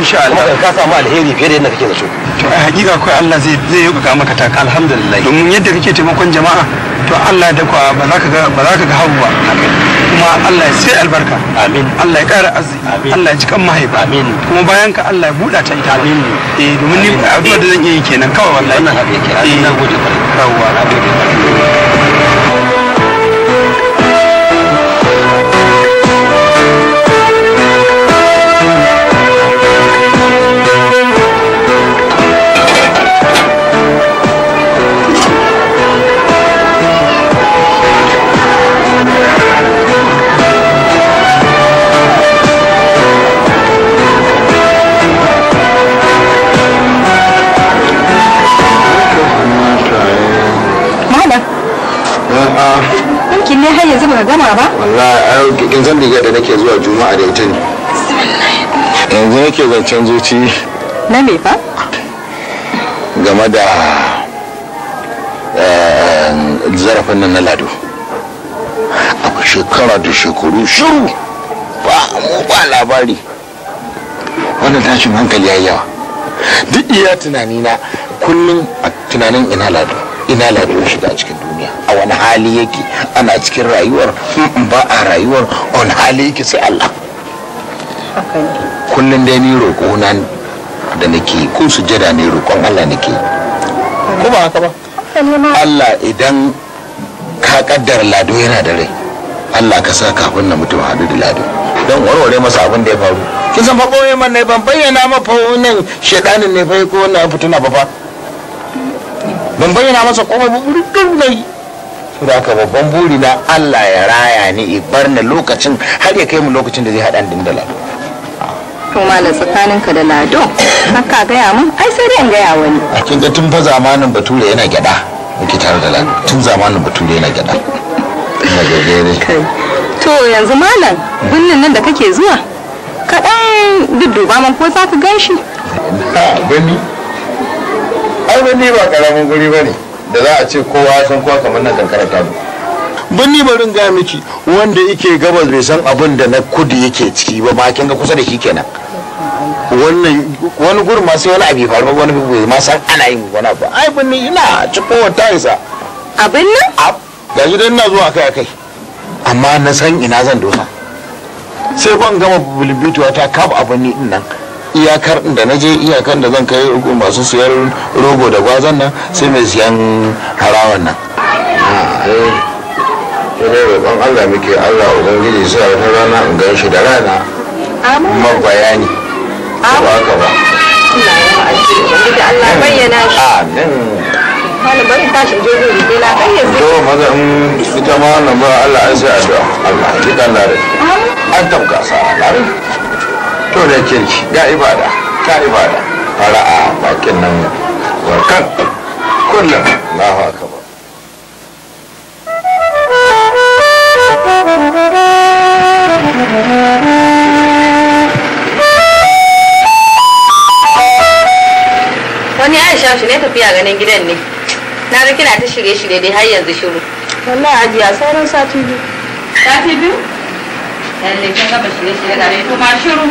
insha Allah ka samu alheri fiye da yadda kake zato a hakika kai Allah zai zai yi ga maka taka alhamdulillah domin yadda kake taimakon jama'a to Allah da kwa ba za ka ga ba za ka ga hawa kuma Allah ya sai albarka amin Allah ya arziki amin Allah ya ji kan mahaifa amin kuma bayan ka Allah ya buɗa ta ita amin eh domin ni addu'a da zan yi kenan kawai wallahi wannan haka yake amin eh. na gode kawai ne har yanzu baka gama ba wallahi kin san riga da nake zuwa juma'a da ita ne yanzu nake zancen zuci na me fa game da eh, zarafin nan na lado Akwai shekara da shekaru shiru ba mu ba labari wannan tashin hankali ya yawa duk iya tunanina kullum a tunanin ina lado ina lado ya shiga cikin a wani hali yake ana cikin rayuwar ba a rayuwar a wani hali yake sai Allah kullum dai ni roƙo na da nake ko sujada ne roƙon Allah nake ko ba haka ba Allah idan ka kaddar lado yana da rai Allah ka sa kafin na mutum hadu da lado don warware masa abin da ya faru kin san fa boye man ne ban bayyana ma fa wannan shedanin ne fa ko wannan fituna ba fa ban bayyana masa komai ba burgar nayi da haka babban buri na Allah ya raya ni ibar na lokacin har ya kai mu lokacin da zai haɗa din da lado to malam tsakaninka da lado haka gaya mun ai sai dai in gaya wani a kin ga tun fa zamanin bature yana gyada muke tare da lado tun zamanin bature yana gyada ina gaggare to yanzu malam birnin nan da kake zuwa kaɗan dudduba man ko za ka gan shi gani ai ba ne ba ƙaramin guri ba ne da za a ce kowa san kowa kamar nan kankara ta bu don ni barin gaya miki wanda yake gabas bai san abin da na kudu yake ciki ba ma kin ga kusa da shi kenan wannan wani gurin ma sai wani abu faru ba wani bai ma san ana yin wani abu ai bin ina ciko wata isa abin nan a gaji dan ina zuwa kai kai amma na san ina zan dosa sai ban gama bulbitu ta kaba abin ni din nan iyakar da na je iyakar da zan kai masu siyar rogo da gwazon nan sai mai siyan harawan nan sai ah, roƙon eh, eh, Allah muke Allah Ubangiji sai wata rana in gan shi da rana ma bayani ba haka ba Allah bayyana shi amin na bayyana to maza ita ma wannan ba Allah an sai addu'a Allah ji kan lare an tamka sa lare to da kirki ga ibada ibada fara a bakin nan warkan kullum na haka ba wani aisha shi ne tafiya ganin gidan ne na ga kina ta shirye-shirye dai har yanzu shiru wallahi ajiya sauran sati biyu sati biyu gaba shirye-shirye da shiru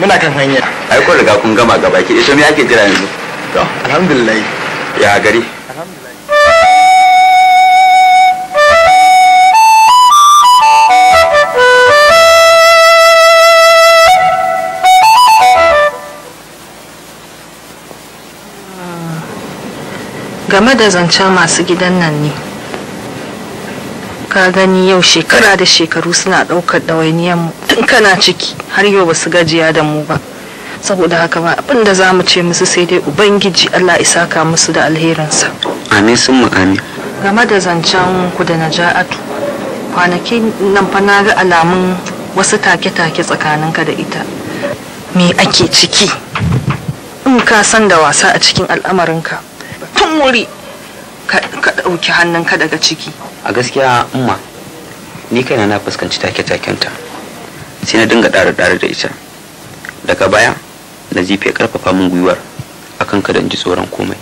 muna kan hanya ai ko riga kun gama gaba ki ita me ake jira yanzu to alhamdulillah ya gari game da zancen masu gidan nan ne ka gani yau shekara da shekaru suna ɗaukar ɗawainiyar tun kana ciki har yau ba su gajiya da mu ba saboda haka ba abin da za mu ce musu sai dai ubangiji allah isa ka musu da alherinsa amin sun mu amin game da zancen ku da naja'atu kwanaki nan fa na ga alamun wasu take-take tsakaninka da ita me ake ciki in ka san da wasa a cikin al'amarinka tun wuri ka ɗauki hannunka daga ciki a gaskiya umma ni kaina na fuskanci take-takenta sai na dinga ɗara ɗara da ita daga baya na zife karfafa min gwiwar akan ka in ji tsoron komai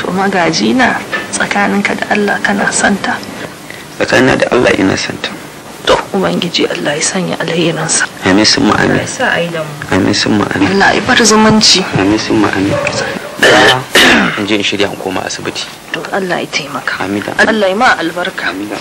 to magaji na tsakaninka da Allah kana santa tsakanina da Allah ina santa to ubangiji Allah ya sanya alherinsa amin sun ma'ani amin sun ma'ani Allah ya bar zumunci amin sun ma'ani in je in shirya koma asibiti to Allah ya taimaka amin Allah ya ma albarka amin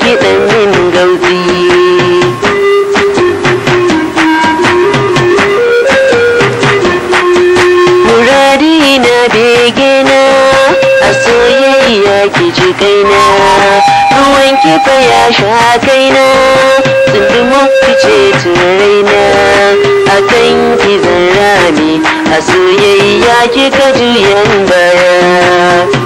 kiɗan min gauzi murari na begena a soyayya ki ji kaina ruwan kifa ya sha kaina tsundumu fice turaina a kan ki rami a soyayya kika juyan baya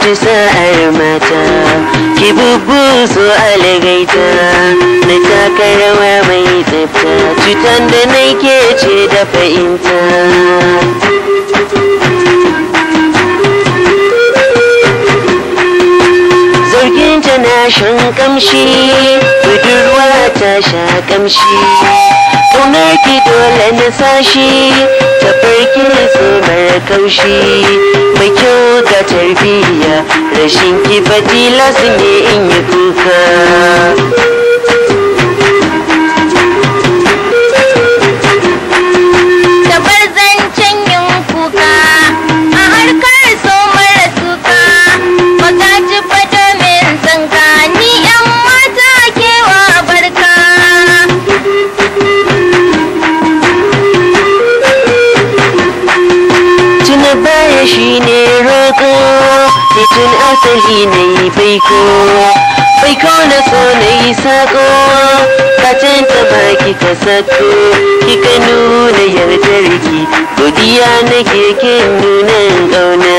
fi sa'ar mata ki bubu su algaita na taka rawa mai tsafta cutan da nake ce da fahimta zargin ta na shan kamshi budurwa ta sha kamshi kauna ki dole na sashi farki su mara kaushi mai kyau ga tarbiyya rashin ki fatila sun yi in yi kuka ji na yi baiko baiko na so na yi sako kacin ta baki ta sako kika nuna yardar ki godiya na keke nunan ƙauna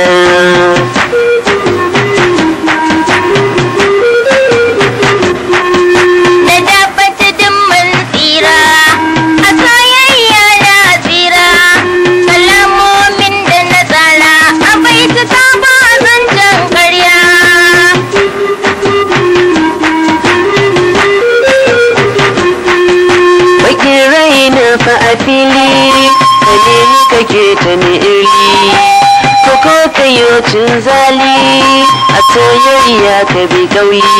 wani iri ko ko kayo cin zali a soyayya ka bi gauyi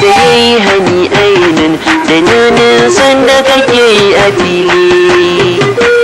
da yayi hani ainin da nunin sanda kake a fili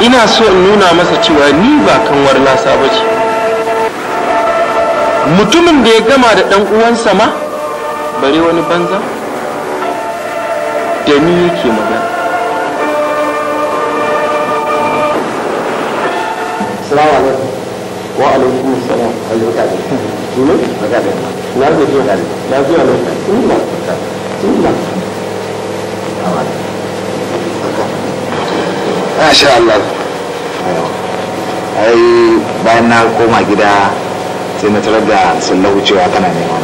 ina so in nuna masa cewa ni ba kanwar lasa ba ce mutumin da ya gama da ɗan uwansa ma bare wani banza da ni yake magana wa alaikum salam alaikum alaikum alaikum alaikum alaikum alaikum alaikum alaikum alaikum alaikum alaikum alaikum masha Allah ai bayan na koma gida sai na tarar da sun wucewa kana neman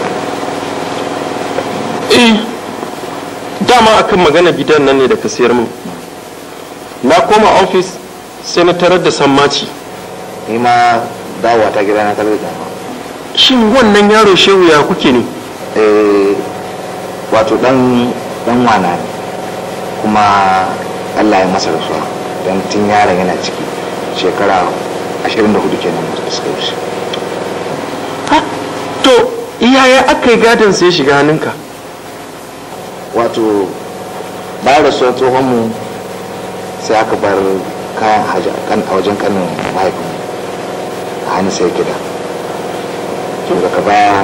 eh dama akan magana bidan nan ne da ka sayar min na koma ofis sai na tarar da sammaci ni ma dawowa ta gida na tarar da shin wannan yaro shehu ya kuke ne eh wato dan dan wana ne kuma Allah ya masa rasuwa don tun yaron yana ciki shekara 24 kenan da suka wuce to iyaye aka yi gadon sai shiga hannunka wato da rasuwar tsohon mu sai aka bar kayan haji a wajen kanin mahaifin a hannu sai gida to daga baya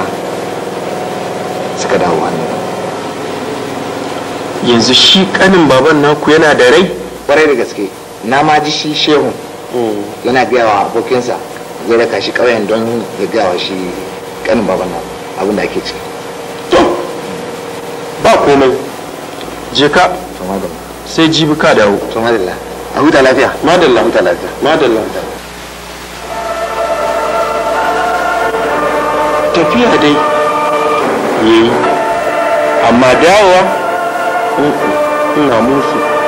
suka dawo hannu yanzu shi kanin baban naku yana da rai ƙwarai da gaske na ma ji shi shehun mm. yana gaya wa abokinsa zai raka shi ƙauyen don ya gaya wa shi kanin baban nan abin da ake ciki to ba komai je ka sai jibi ka dawo to madalla a huta lafiya madalla huta lafiya madalla tafiya dai yayi amma dawowa ina musu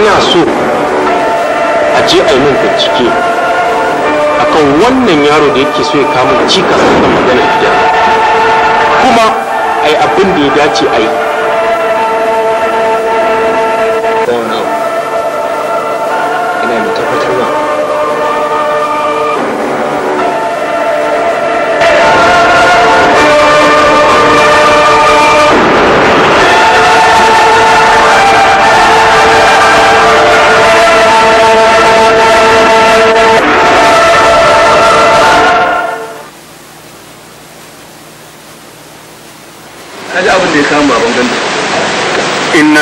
ina so a je a yi min bincike akan wannan yaro da yake so ya kama cikas da magana gida kuma a yi abin da ya dace a yi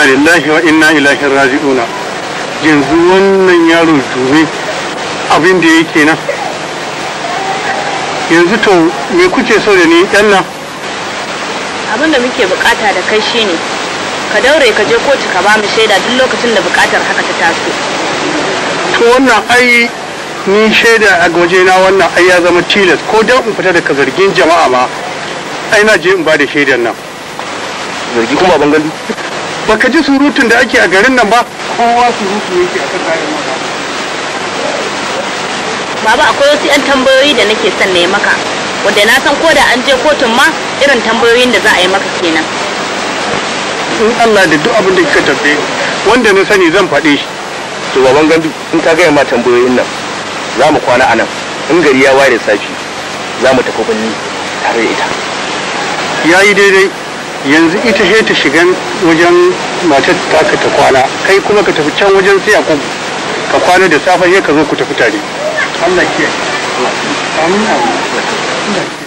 lillahi wa inna ilahi raji'una yanzu wannan yaro dume abin da yake nan yanzu to me kuke so da ni yan nan abin da muke bukata da kai shine ka daure ka je kotu ka ba mu shaida duk lokacin da bukatar haka ta taso to wannan ai ni shaida a na wannan ai ya zama tilas ko dan in fita daga zargin jama'a ma ai na je in ba da shaidan nan zargi kuma ban gani baka ji surutun da ake a garin nan ba kowa surutu yake akan tsarin maka baba akwai wasu 'yan tambayoyi da nake son na yi maka wanda na san ko da an je kotun ma irin tambayoyin da za a yi maka kenan in Allah da duk abin da kika tambaye wanda na sani zan faɗe shi to baban gandu in ka gaya ma tambayoyin nan za mu kwana a nan in gari ya ware safi za mu tafi birni tare da ita ya yi daidai yanzu ita ta shigan wajen matar taka ta kwana kai kuma ka tafi can wajen sai ku ka kwana da safe ya ka zo ku tafi tare Allah ke Allah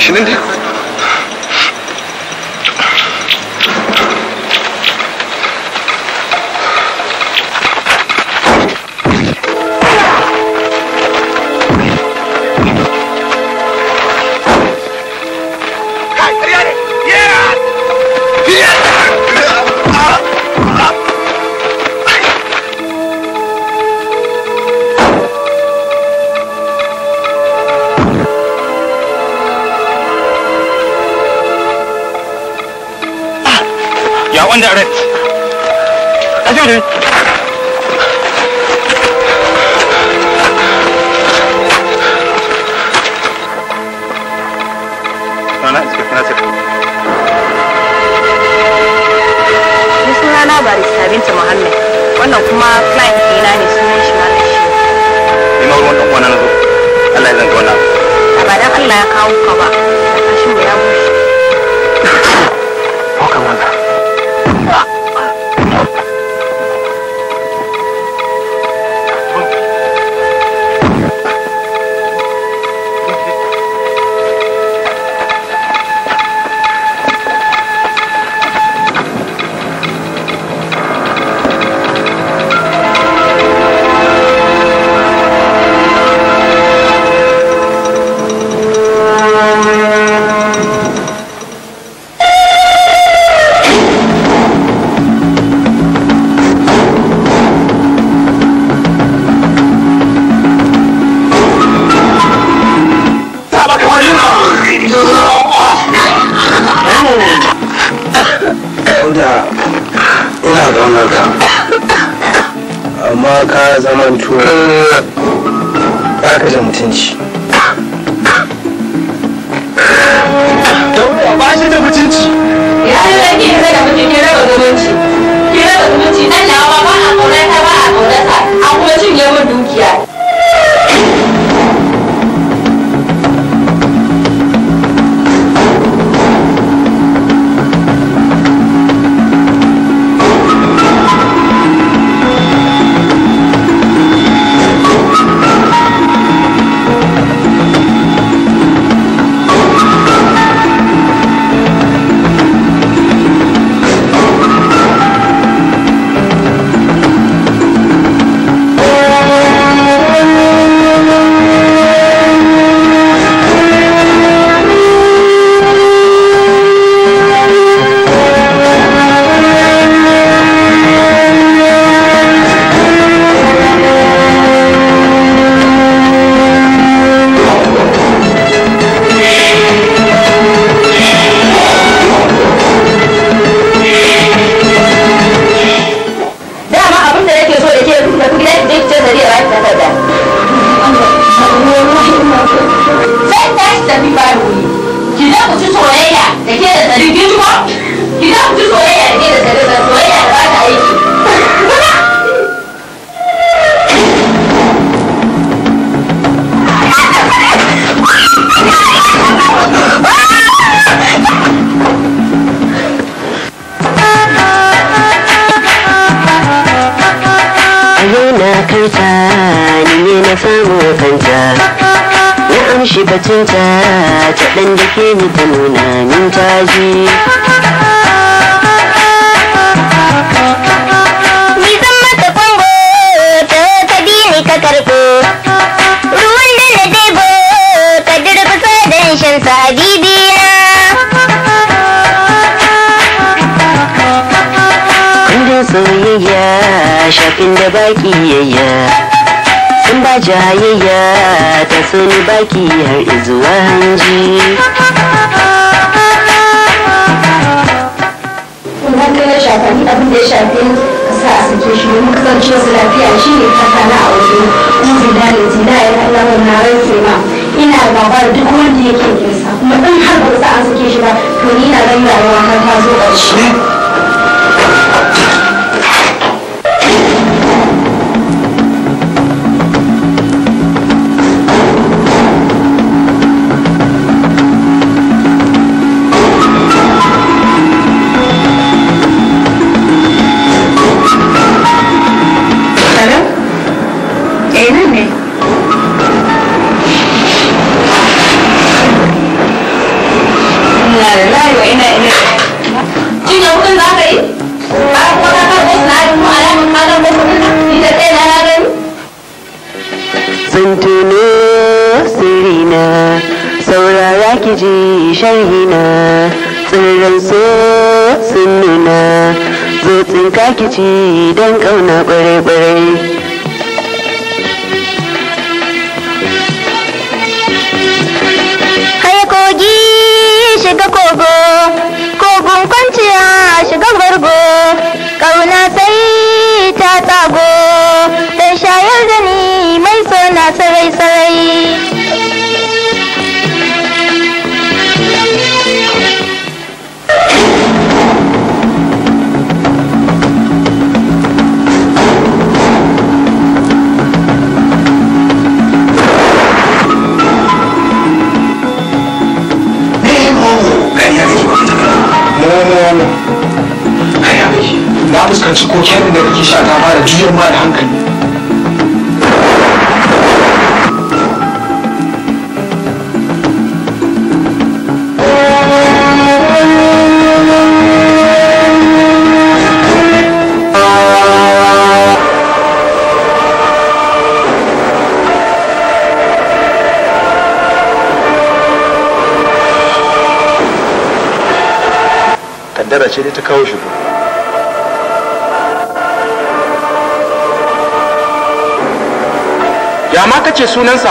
Şimdi Yeah. Chicago. Kyan da kake sha ta fara juyar ma da hankali kaddara ce dai ta kawo shi ba. ya ma ce sunansa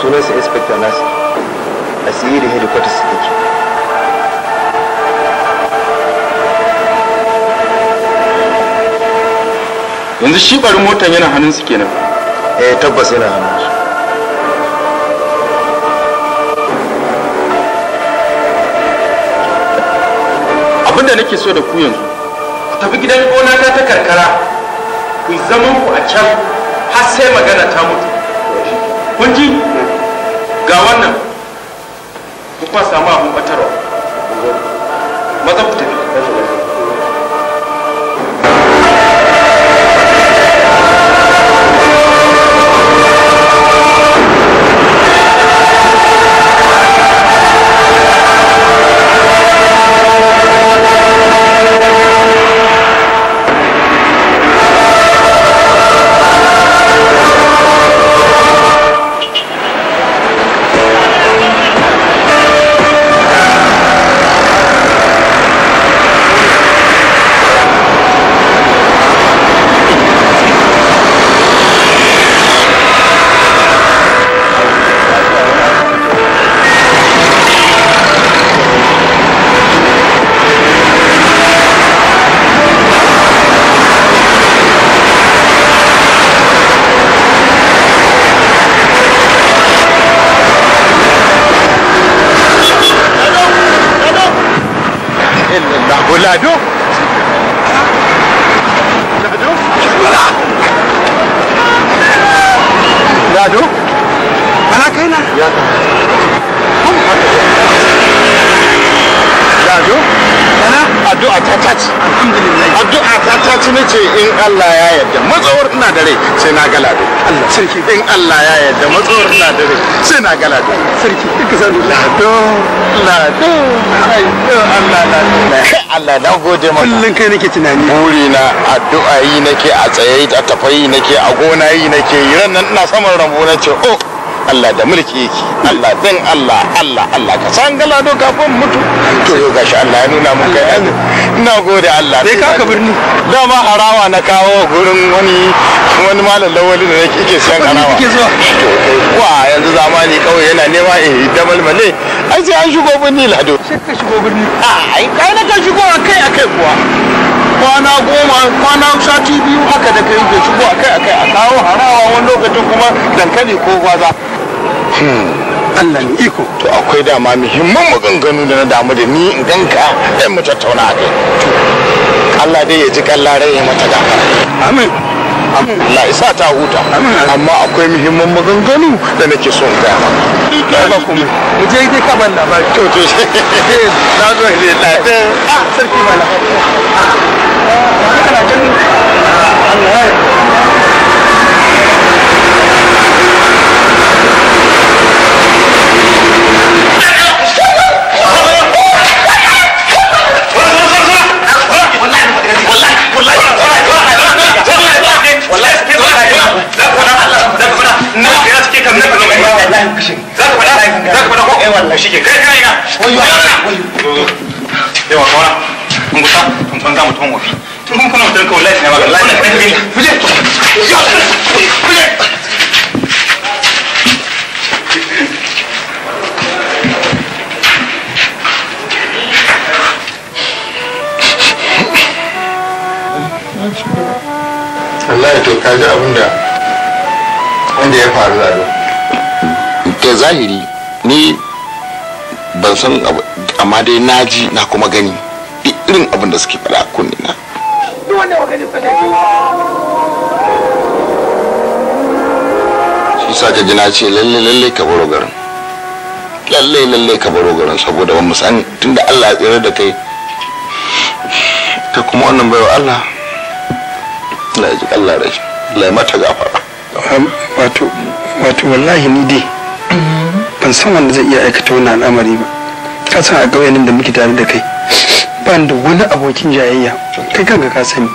sunansa inspector nasi asiri headquarters ke yanzu shi barin motar yana hannun su kenan eh tabbas yana hannun su abinda nake so da ku yanzu ku tafi gidan gona ta karkara ku zama ku a can har sai magana ta mutu kun ji ga wannan ku kuma samu abin batarwa maza ku tafi lado lado lado ana kaina lado ana addu'a ta tace alhamdulillah addu'a ta ta ci nace in Allah ya yarda matsawar ina da rai sai na gala da Allah sarki in Allah ya yarda matsawar ina da rai sai na gala da sarki duka sanu lado lado ayyo Allah lado Allah na gode maka kullun kai nake tunani buri na addu'a yi nake a tsaye a tafayi nake a gona yi nake ran nan ina saman rambo nace oh Allah da mulki yake Allah din Allah Allah Allah ka san gala do kafin mutu to yau gashi Allah ya nuna mun kai ina gode Allah sai ka ka birni dama harawa na kawo gurin wani wani malam lawali da yake yake san harawa eh, wa yanzu zamani kawai yana nema eh damal male ai sai an shigo birni lado sai ka shigo birni a ah, ai kai na ka shigo akai akai kuwa kwana goma kwana sati biyu haka da kai ke shigo akai akai a kawo harawa wani lokacin kuma dankali ko gwaza Allah ni iko to akwai dama muhimman maganganu da na damu da ni in ganka dan mu tattauna a kai Allah dai ya ji kallare ya mata da amin Allah ya sa ta huta amma akwai muhimman maganganu da nake son ga ba kuma mu je dai ka ban ba. to to eh, na zo ne da eh, ah, sarki mala ah, ah, Allah ya na ya suke kan zaka zama imam kashe zaka fada zaka fada ko eh wallahi shike kai kai na wayo wayo yawa kawara mun gusa mun banza mutum wafi tun kuma kana mutum ka wallahi na magana wallahi kai kai fuje fuje Allah ya to kaji abin da wanda ya faru da ke zahiri ni ban san amma dai na ji na kuma gani duk irin abin da suke faɗa kunni na shi sa ka jina ce lalle lalle ka baro garin lalle lalle ka baro garin saboda ba mu sani tunda Allah ya tsira da kai ka kuma wannan bayo Allah Allah ya ji Allah rai Allah ya mata gafara wato wato wallahi ni dai ban san wanda zai iya aikata wannan al'amari ba ka san a ƙauyen da muke tare da kai ban da wani abokin jayayya kai kanka ka sani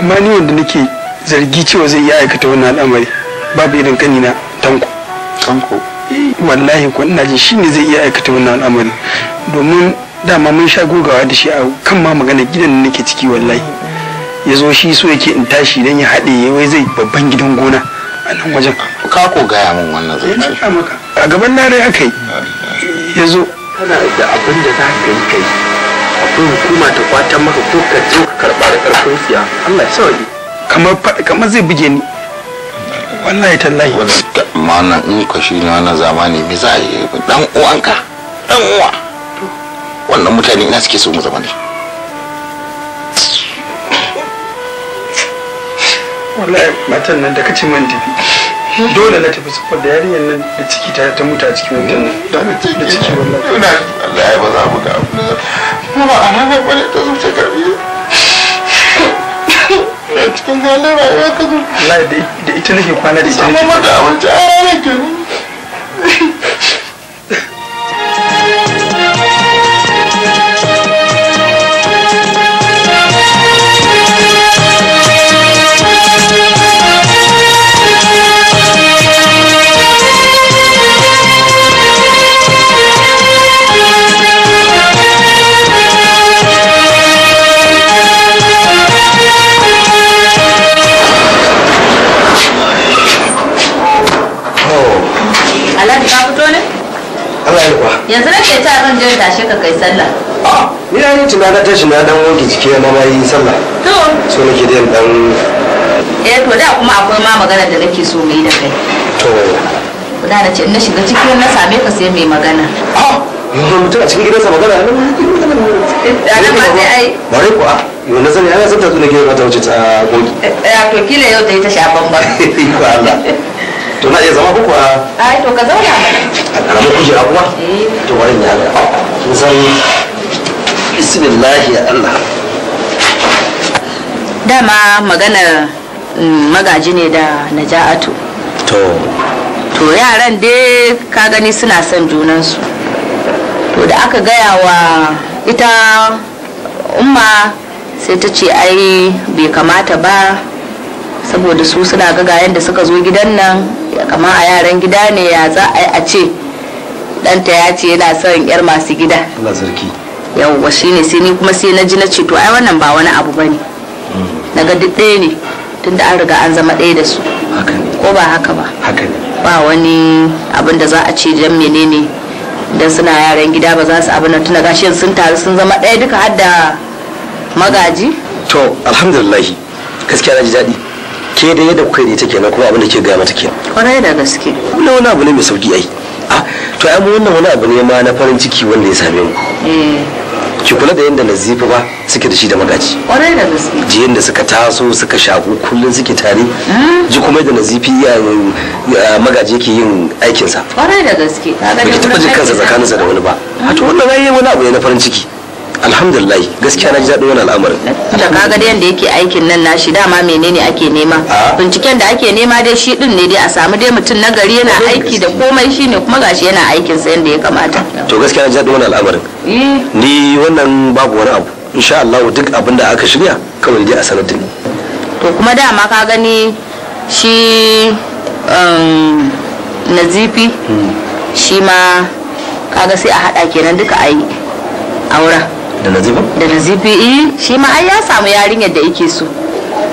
amma ni wanda nake zargi cewa zai iya aikata wannan al'amari babu irin kanina tanko tanko eh, wallahi ko ina jin shine zai iya aikata wannan al'amari domin dama mun sha gogawa da shi a kan ma magana gidan da nake ciki wallahi ya zo shi so yake in tashi dan ya haɗe wai zai babban gidan gona a nan wajen ka ko gaya min wannan eh, zai ce a gaban na dai aka yi ya zo kana da abin da za ka yi kai akwai hukuma ta kwata maka ko ka zo ka karɓa da karfin siya Allah ya sauke kamar kamar zai buge ni wallahi tallahi ma in ka shi na wannan zamani me za a yi dan uwanka dan uwa wannan mutane ina suke so mu zama ne wallahi matan nan da kace man tafi dole na tafi saboda yarinyar nan da ciki ta ta mutu cikin wutan nan da da ciki wallahi ina wallahi ba za mu ga abu da kuma ana bare ta zuce karbi a cikin halin rayuwa ka zo wallahi da ita nake kwana da ita nake kwana da abinci a ranar kenan wallahi kuwa yanzu nake ta zan je tashe ka kai sallah ni na yi tunanin na tashi na dan wanke jiki na ma yi sallah to so nake da dan eh to da kuma akwai ma magana da nake so mu yi da kai to da na ce na shiga cikin na same ka sai mai magana a yanzu mutum a cikin gidansa magana nan nan ba sai ai bare kuwa yau na sani ana san ta tuna gidan ta wuce ta gogi eh, eh to kila yau ta yi ta shafan ba ko Allah to na iya zama kuku a ai to ka zauna a karamin kujera kuma eh. to wani ya ga kin san bismillah ya Allah dama maganar mm, magaji ne da naja'atu to to yaran dai ka gani suna son junansu to da aka gaya wa ita umma sai ta ce ai bai kamata ba saboda su suna ga yadda suka zo gidan nan kama a yaran gida ne ya za a yi a ce ɗanta ya ce yana son yar masu gida yawwa shi ne sai ni kuma sai na ji na ce to ai wannan ba wani abu ba ne mm. Na ga duk ɗaya ne tun da an riga an zama ɗaya da su ko ba haka ba ba wani abin da za a ce dan menene dan suna yaran gida ba za su abin tunda gashi sun taru sun zama ɗaya duka har da magaji to alhamdulillah gaskiya na ji daɗi ke da yadda kuka yi ta nan kuma abin da ke gaya mata ke kwarai da gaske wani wani abu ne mai sauki ai a ah, to ai mu wannan wani abu ne ma na farin ciki wanda ya same mu eh. ki kula da yadda nazifa ba suke da shi da magaji kwarai da gaske ji yadda suka taso suka shaku kullum suke tare hmm? ji kuma da nazifi ya magaji yake yin aikinsa kwarai da gaske ba ki taɓa jin kansa tsakaninsa da wani ba a ah, to hmm? wannan ai wani abu ne na farin ciki alhamdulillah gaskiya na ji daɗin wani al'amarin da kaga da yadda yake aikin nan nashi dama menene ake nema binciken da ake nema dai shi din ne dai a samu dai mutum na gari yana aiki da komai shine kuma gashi yana aikin sa yadda ya kamata to gaskiya na ji daɗin wani al'amarin eh. ni wannan babu wani abu insha Allah duk abin da aka shirya kawai dai a sanar da ni to kuma dama ka gani shi um, nazifi hmm. shi ma kaga sai a haɗa kenan duka a yi auren da nazifi da nazifi eh shi ma ai ya samu yarinyar da yake so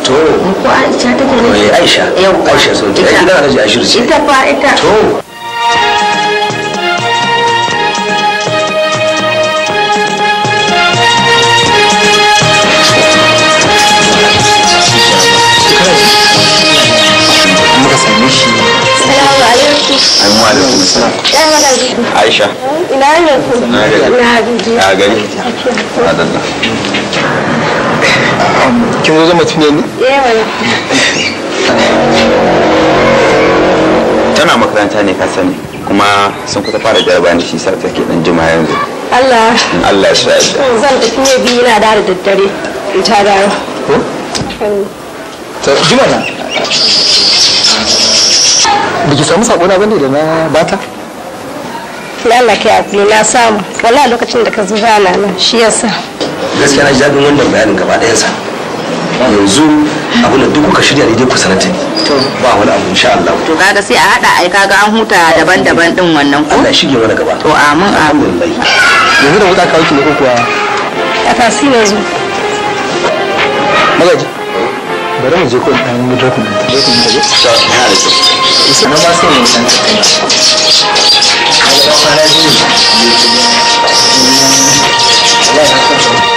to ko aisha take ne eh, aisha yau aisha so ki kina da ji ashiru shi ta fa ita to Aisha. ina ne ku zo zama tunye ne eh, tana makaranta ne ka sani kuma sun kusa fara jaraba ne shi sa ke dan jima yanzu Allah Allah shi zan tafi ne biyu na da daddare in ta dawo to jima na biki samu sako na bane da na bata da Allah kai hakuri na samu wala lokacin da ka zo rana nan shi yasa gaskiya na ji daɗin wannan bayanin gaba ɗayan sa yanzu abin da duk kuka shirya ne dai ku sanar ta ba wani abu insha Allah to kaga sai a hada ai kaga an huta daban-daban din wannan ko Allah shige mana gaba to amin amin yanzu da wuta kawo ki ne ko kuwa a tasi ne zo magaji bari mu je ko dan mu da ku ta ku da sai na ba sai mu san поразили для тебя. Для меня...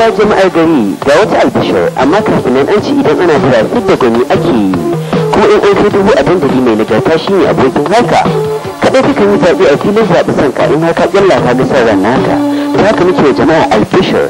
uwa jama'ar gari ga wata albishir amma kafin nan an ci idan ana jira duk da gani ake yi kuma in an kai dubu a dandali mai nagarta shi shine abokin haka kaɗai kakan yi zaɓe a filin zaɓe son in haka ƙyalla ta ga son ran naka ta haka muke wa jama'a albishir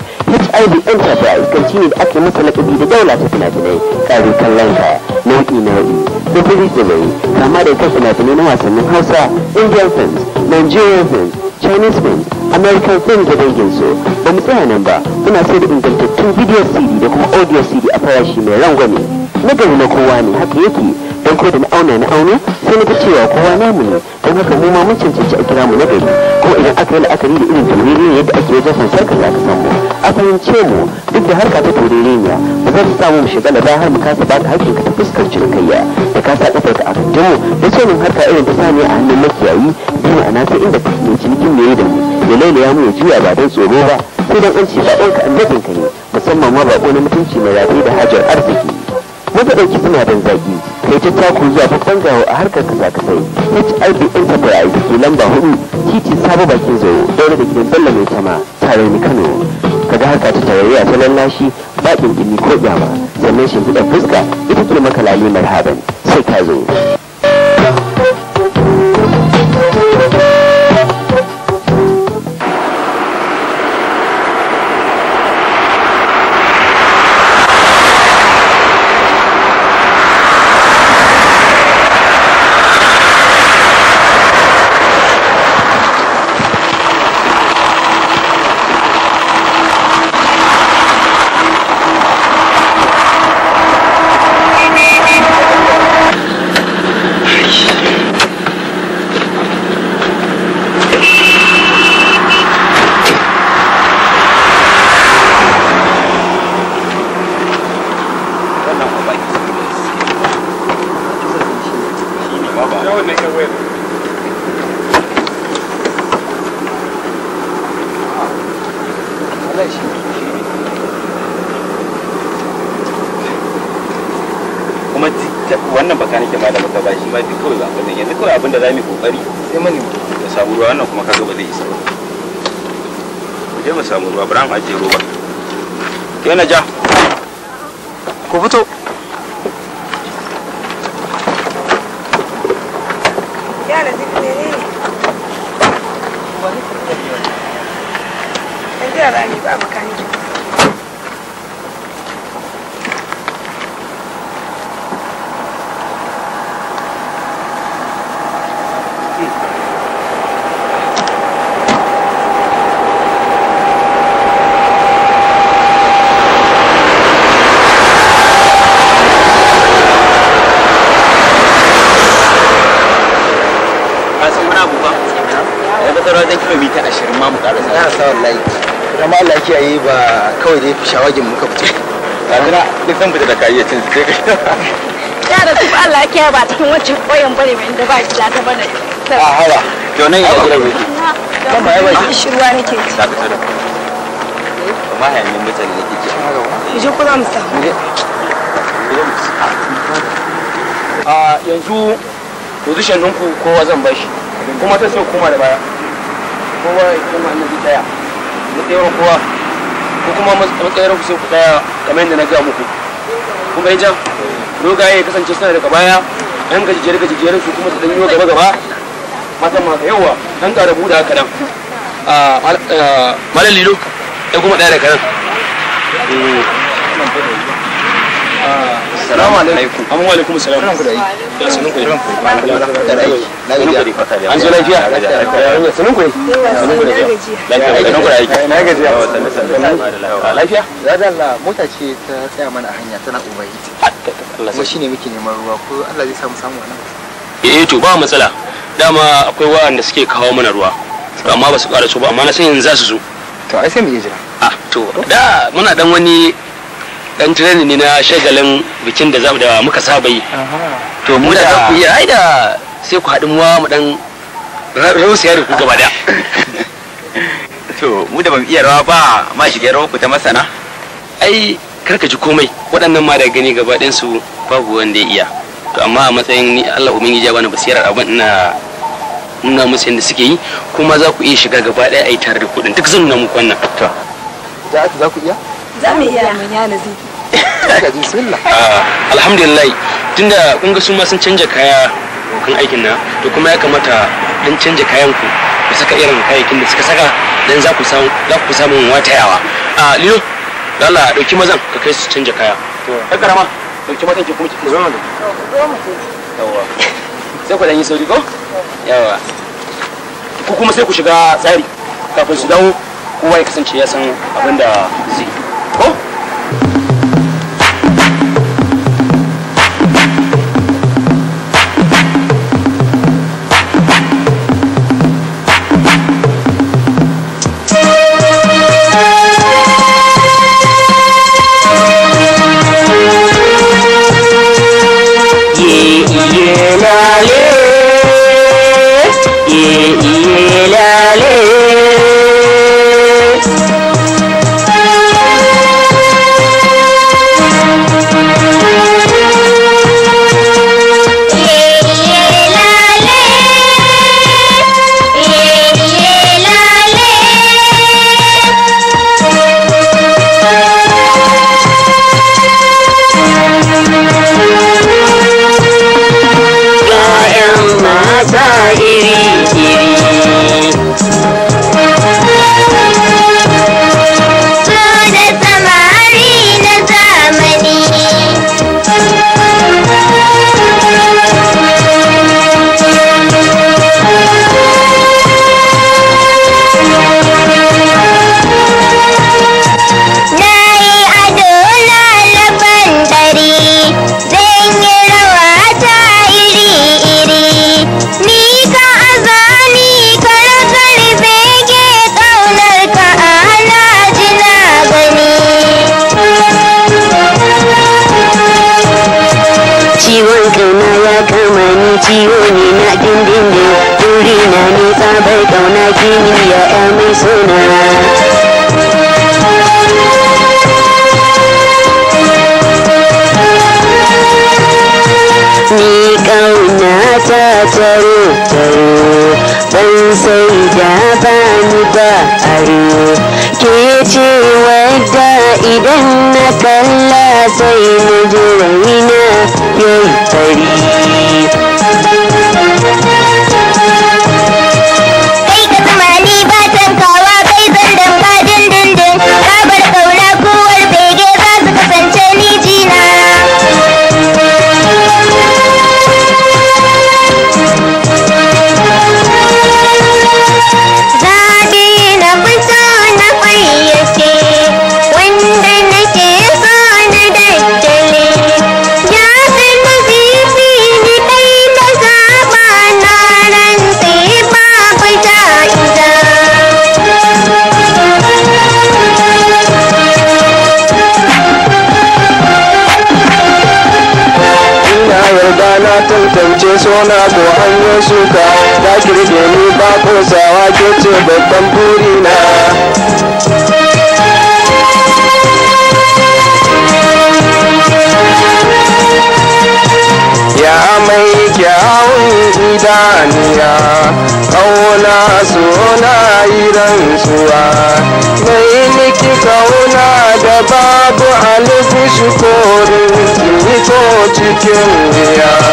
hiv enterprise shi ne da ake masa laƙabi da daula ta fina-finai ƙare kallon ka nau'i nau'i da biri da kama da kan fina-finai na wasannin hausa indian fans nigerian fans chinese fans american film da dangin su ba mu tsaya nan ba muna sai da ingantattun video cd da kuma audio cd a farashi mai rangwame na gari na kowa ne haka yake don koda da na auna na auna sai na ta cewa kowa namu ne don haka mu ma mun cancanci a kira mu na gari ko idan aka yi la'akari da irin turere yadda ake wajen sansar ka za ka samu a fahimce mu duk da harka ta turere ne ba za ta samu mu shiga da har mu kasa ba ka hakkin ka ta fuskar cinikayya da kasa kafar ka a da sauran harka irin ta sani a hannun makiyayi bi a sai inda ne cinikin mai da mu ya lailaya mu jiya ba don tsoro ba sai don an ce annabin ka ne musamman ma baƙo na mutunci mai rafi da hajar arziki wata ɗauki dan zaƙi kai ta taku zuwa babban gawo a harkar kasa kasai hiv enterprise ke lamba hudu titi sabo bakin zoro daura da gidan bello mai sama tare ni kano kaga haka ta tarayya ta lallashi baƙin gini ko ƙyama sannan shimfiɗar fuska ita ke maka lale marhaban sai ka zo. ba bari an ajiye roba ke na ja saura ashirin ma mu sa ah, wallahi Allah ya ba kawai dai shawagin muka duk fita da kayi cin sai Allah ya ba cikin wancan bane mai inda ba ta bane a ah, hawa to nan ya ba ya shi ci mutane ci mu samu a ah, yanzu ɗinku kowa zan bashi kuma ta kuma da baya kowa ya kama annabi daya matsayar kowa ko kuma matsayar ku sai ku daya kamar yadda na ga muku kun ga jan dogaye ya kasance suna daga baya yan gajijiyar gajijiyar su kuma su dan yi gaba gaba matan ma yawa dan ka rabu da haka nan malam lilo ya kuma daya da kanan eh. Assalamu alaikum. Amma wa alaikum salam. Ranku da aiki. Sanun ku. Ranku da aiki. Na gaji. An zo lafiya. Sanun ku. Sanun ku da aiki. Lafiya. Sanun ku da aiki. Na gaji. Lafiya. Zada Allah mota ce ta tsaya mana a hanya tana overheat. Kuma shine muke neman ruwa ko Allah zai samu samu wannan. Eh to ba matsala. Dama akwai wa'anda suke kawo mana ruwa. amma ba su ƙara so ba amma na sai yanzu za su zo. To ai sai mu je jira. Ah to da muna dan wani dan training ne na shagalin bikin da da muka saba yi to mu da ku yi aida da sai ku haɗu muwa mu dan rausayar ku gaba da to mu da bamu iya rawa ba ma shiga rawa ku ta masana ai karka ji komai waɗannan ma da gani gaba ɗin su babu wanda ya iya to amma a matsayin ni Allah ubangiji ya bani basirar abin ina nuna musu yadda suke yi kuma za ku iya shiga gaba ɗaya a yi tare da kuɗin duk zan nuna muku wannan to za ku iya za mu iya mun yana zai Ah, alhamdulillah tunda kun ga su ma sun canja kaya kan aikin na to kuma ya kamata dan canja kayan ku ku saka irin kayayyakin da suka saka dan za ku samu za ku samu watayawa a ah, lilo Allah dauki mazan ka kai su canja kaya to ka karama dauki mazan ki kuma ki zo mana yawa sai ku dan yi sauri ko yawa ku kuma sai ku shiga tsari kafin su dawo kowa ya kasance ya san abin da zai ko kuwa mai miki kauna da babu alfi shi korin ko cikin wuya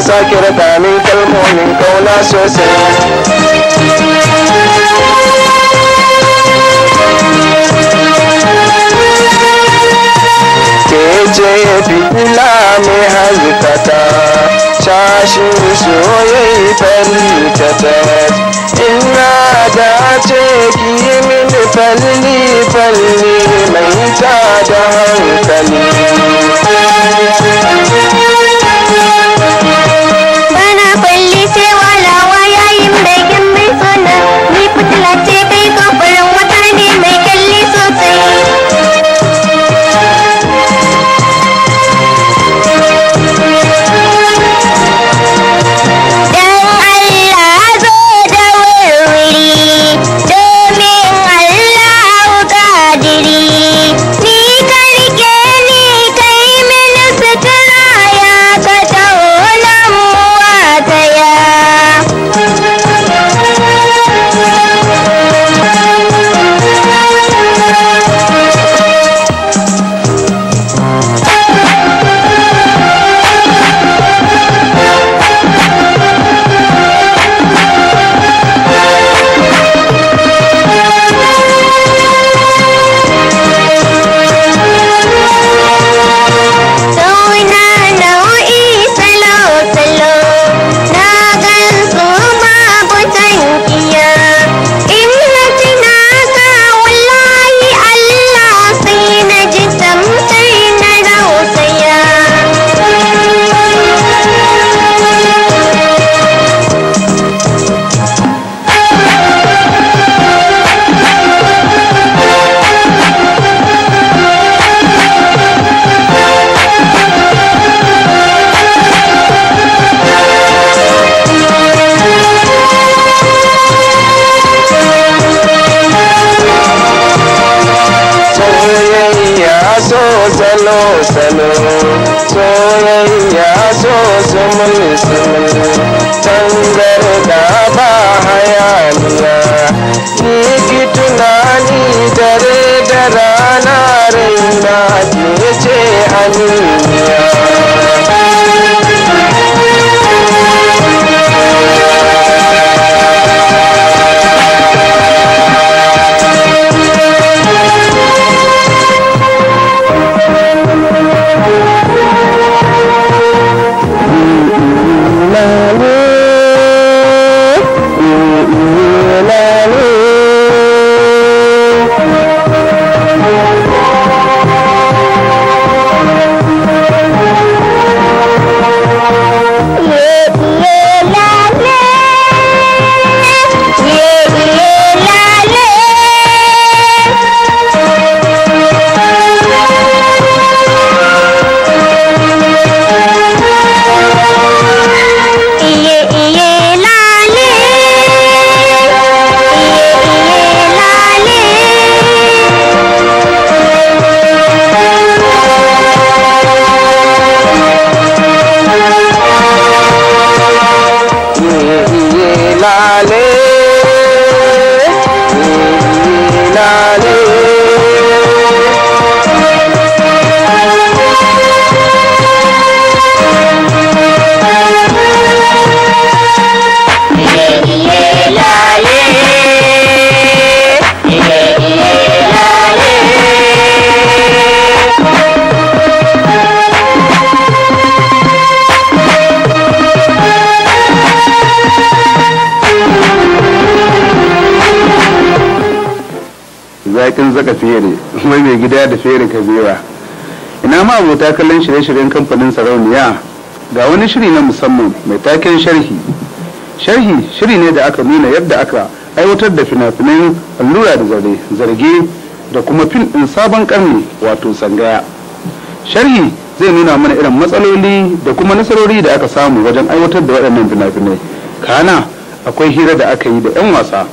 ساكر ثاني كالمؤمن كون سوسن ce fitila mai hazikata shashin soyayi fallikata ina da ce ki mini falli falli mai ta da hankali सुमन सुमन चंदर दादा हयानिया ये किटनानी डरे डराना रैना तुझे हनिया hayakin zaka fere mai mai gida da fere ka kabewa ina ma abota kallon shirye-shiryen kamfanin sarauniya ga wani shiri na musamman mai taken sharhi sharhi shiri ne da aka nuna yadda aka aiwatar da fina-finan allura da zare zarge da kuma fin din sabon karni wato sangaya sharhi zai nuna mana irin matsaloli da kuma nasarori da aka samu wajen aiwatar da waɗannan fina-finai kana akwai hira da aka yi da 'yan wasa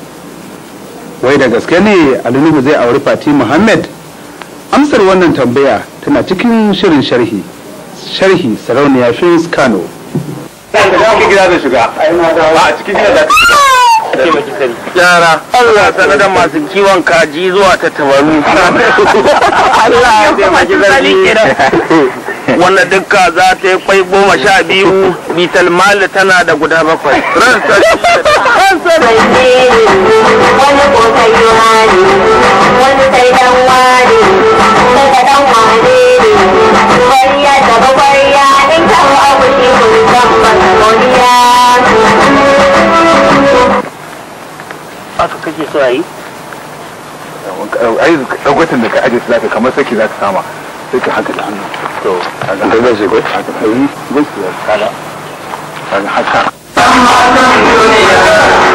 wai da gaske ne Nuhu zai auri fati muhammad amsar wannan tambaya tana cikin shirin sharhi sharhi sarauniya fins kano yara Allah masu kiwon kaji zuwa ta tabaru Allah ya wanda dukka za ta yi kwai goma sha biyu bitalmali tana da guda bakwai bandiri wani kokan ka dan ne daga in kake yi ai tsagwatin da ka aje su zaka kamar saki zaka sama sai ka haka da hannu to a ga da shi ko haka da hannu zai haka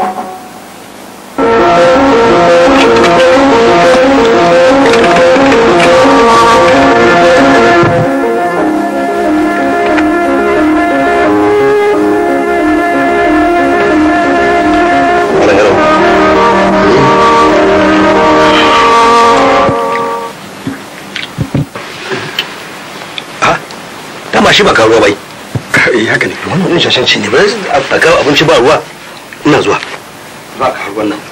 shi ba karuwa ruwa bai kai eh, haka ne wannan shashan ne ba a abinci ba ruwa ina zuwa ba ka har wannan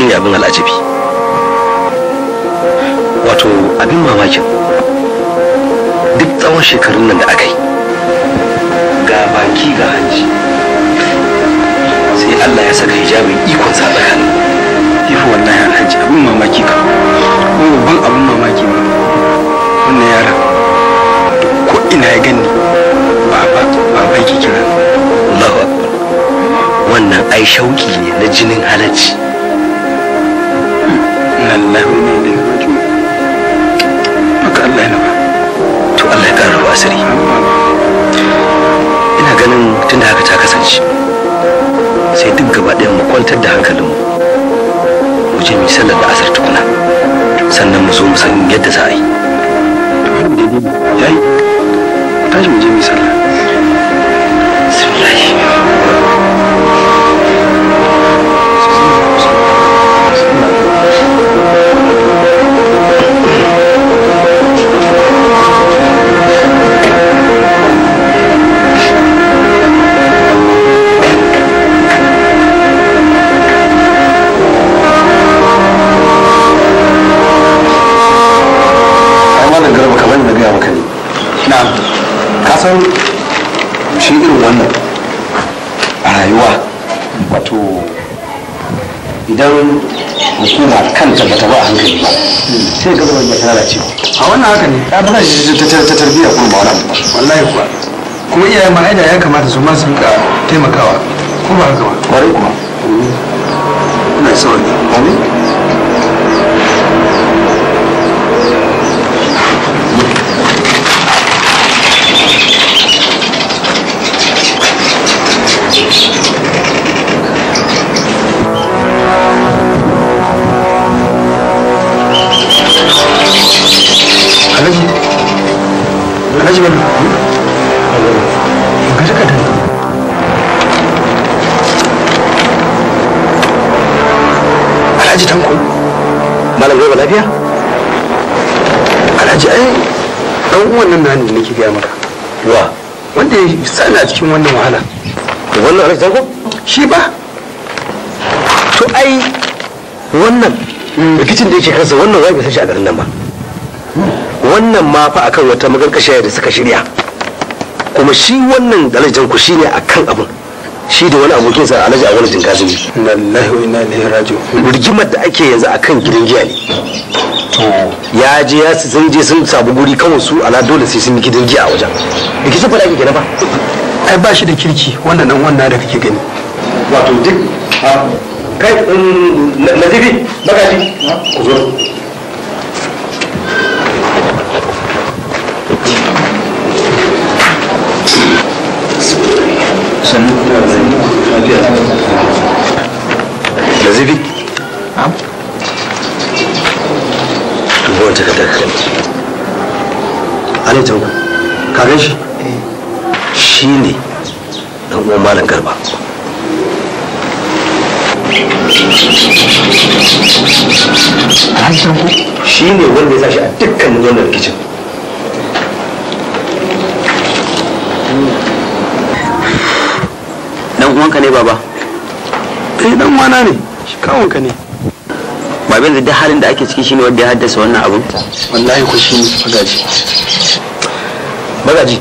shirya abin al'ajabi wato abin mamakin duk tsawon shekarun nan da aka yi ga baki ga hanci sai Allah ya saka hijabin ikon sa tsakanin ifa wannan hanci abin mamaki ka kuma babban abin mamaki ba wannan yaran ko ina ya gani baba baba yake kira Allahu akbar wannan ai shauki ne na jinin halacci inna lillahi Allah ina ganin tunda haka ta kasance sai duk gaba ɗayan mu kwantar da hankalinmu mu je mu sallar da asar tukuna sannan mu zo yadda za yi lalacewa a wannan haka ne ya fi kashi ta tarbiyya kuma ba wani abu wallahi kuwa kuma iyayen ma aida ya kamata su ma su rika taimakawa kuma ba haka ba kwarai kuwa ina sauri amin alhaji tanko malam gaba lafiya alhaji ai dan uwan nan nani nake gaya maka wa wanda ya sani a cikin wannan wahala wannan alhaji tanko shi ba to ai wannan hmm. rikicin da yake kansa wannan zai bai shi a garin nan ba wannan ma fa akan wata magarkashiya da suka shirya kuma shi wannan dalajan ku shine akan abun shi da wani abokin sa alhaji a wani jinkazumi inna lillahi wa inna ilaihi raji'un rigimar da ake yanzu akan gidan giya ne ya je ya sun je sun sabu guri kawai su ala dole sai sun yi gidan giya a wajen rikicin fada kike na ba ai ba shi da kirki wannan nan wannan da kake gani wato duk kai um, nazifi bakaji ku zo sannan saka daga kanki alaita ka gan shi eh. shi ne dan uwan malam garba shi ne wanda ya sa shi a dukkan wannan rikicin dan uwanka ne baba eh dan uwana ne shi kawunka ne ba yanzu duk halin da ake ciki shine wanda ya haddasa wannan abin wallahi ku shine magaji magaji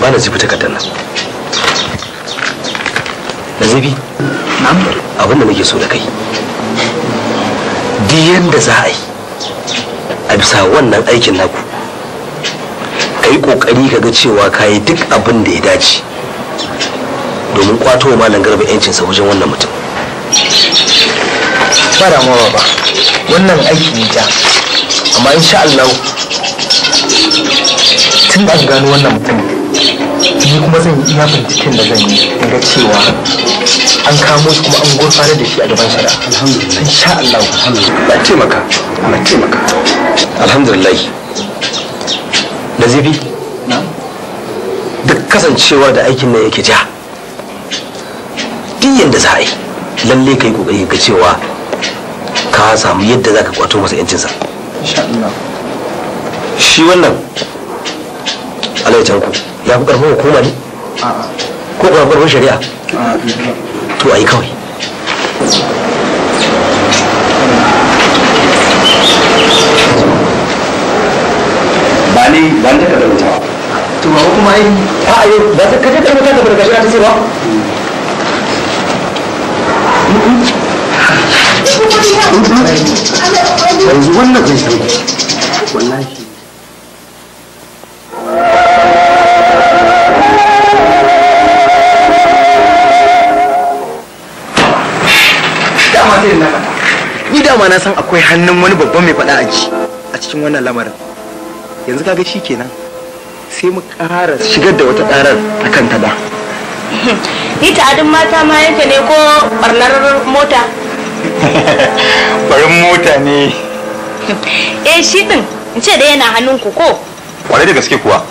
ba da zibi takardar nan da zibi abin da nake so da kai duk yanda za a yi a bisa wannan aikin naku kai yi kokari ka ga cewa ka yi duk abin da ya dace domin kwato malam garba yancinsa wajen wannan mutum ba mawa ba wannan aiki ne ja amma insha Allah tun da an gano wannan mutum ni kuma zan yi iya binciken da zan yi ga cewa an kamo shi kuma an gurfanar da shi a gaban shari'a alhamdulillah insha Allah na taimaka ce maka alhamdulillah da zibi duk kasancewa da aikin nan yake ja duk yanda za a yi lalle kai kokari ga cewa ka samu yadda za ka kwato masa yancinsa shi wannan alaitanku ya fi karfin hukuma ne ko kuma shari'a to a yi kawai ba ne ba ne ka wuta to ba kuma ai a yau ba ta kaje karɓar ta da gashi ta ce ba mm. yanzu wannan zai san ni dama na san akwai hannun wani babban mai faɗa aji a cikin wannan lamarin yanzu kaga shi kenan sai mu ƙara shigar da wata ƙarar a kan ta da ni ta'adin mata ma yake ne ko ɓarnar mota barin mota ne eh shi din in ce da yana hannun ku ko kwarai da gaske kuwa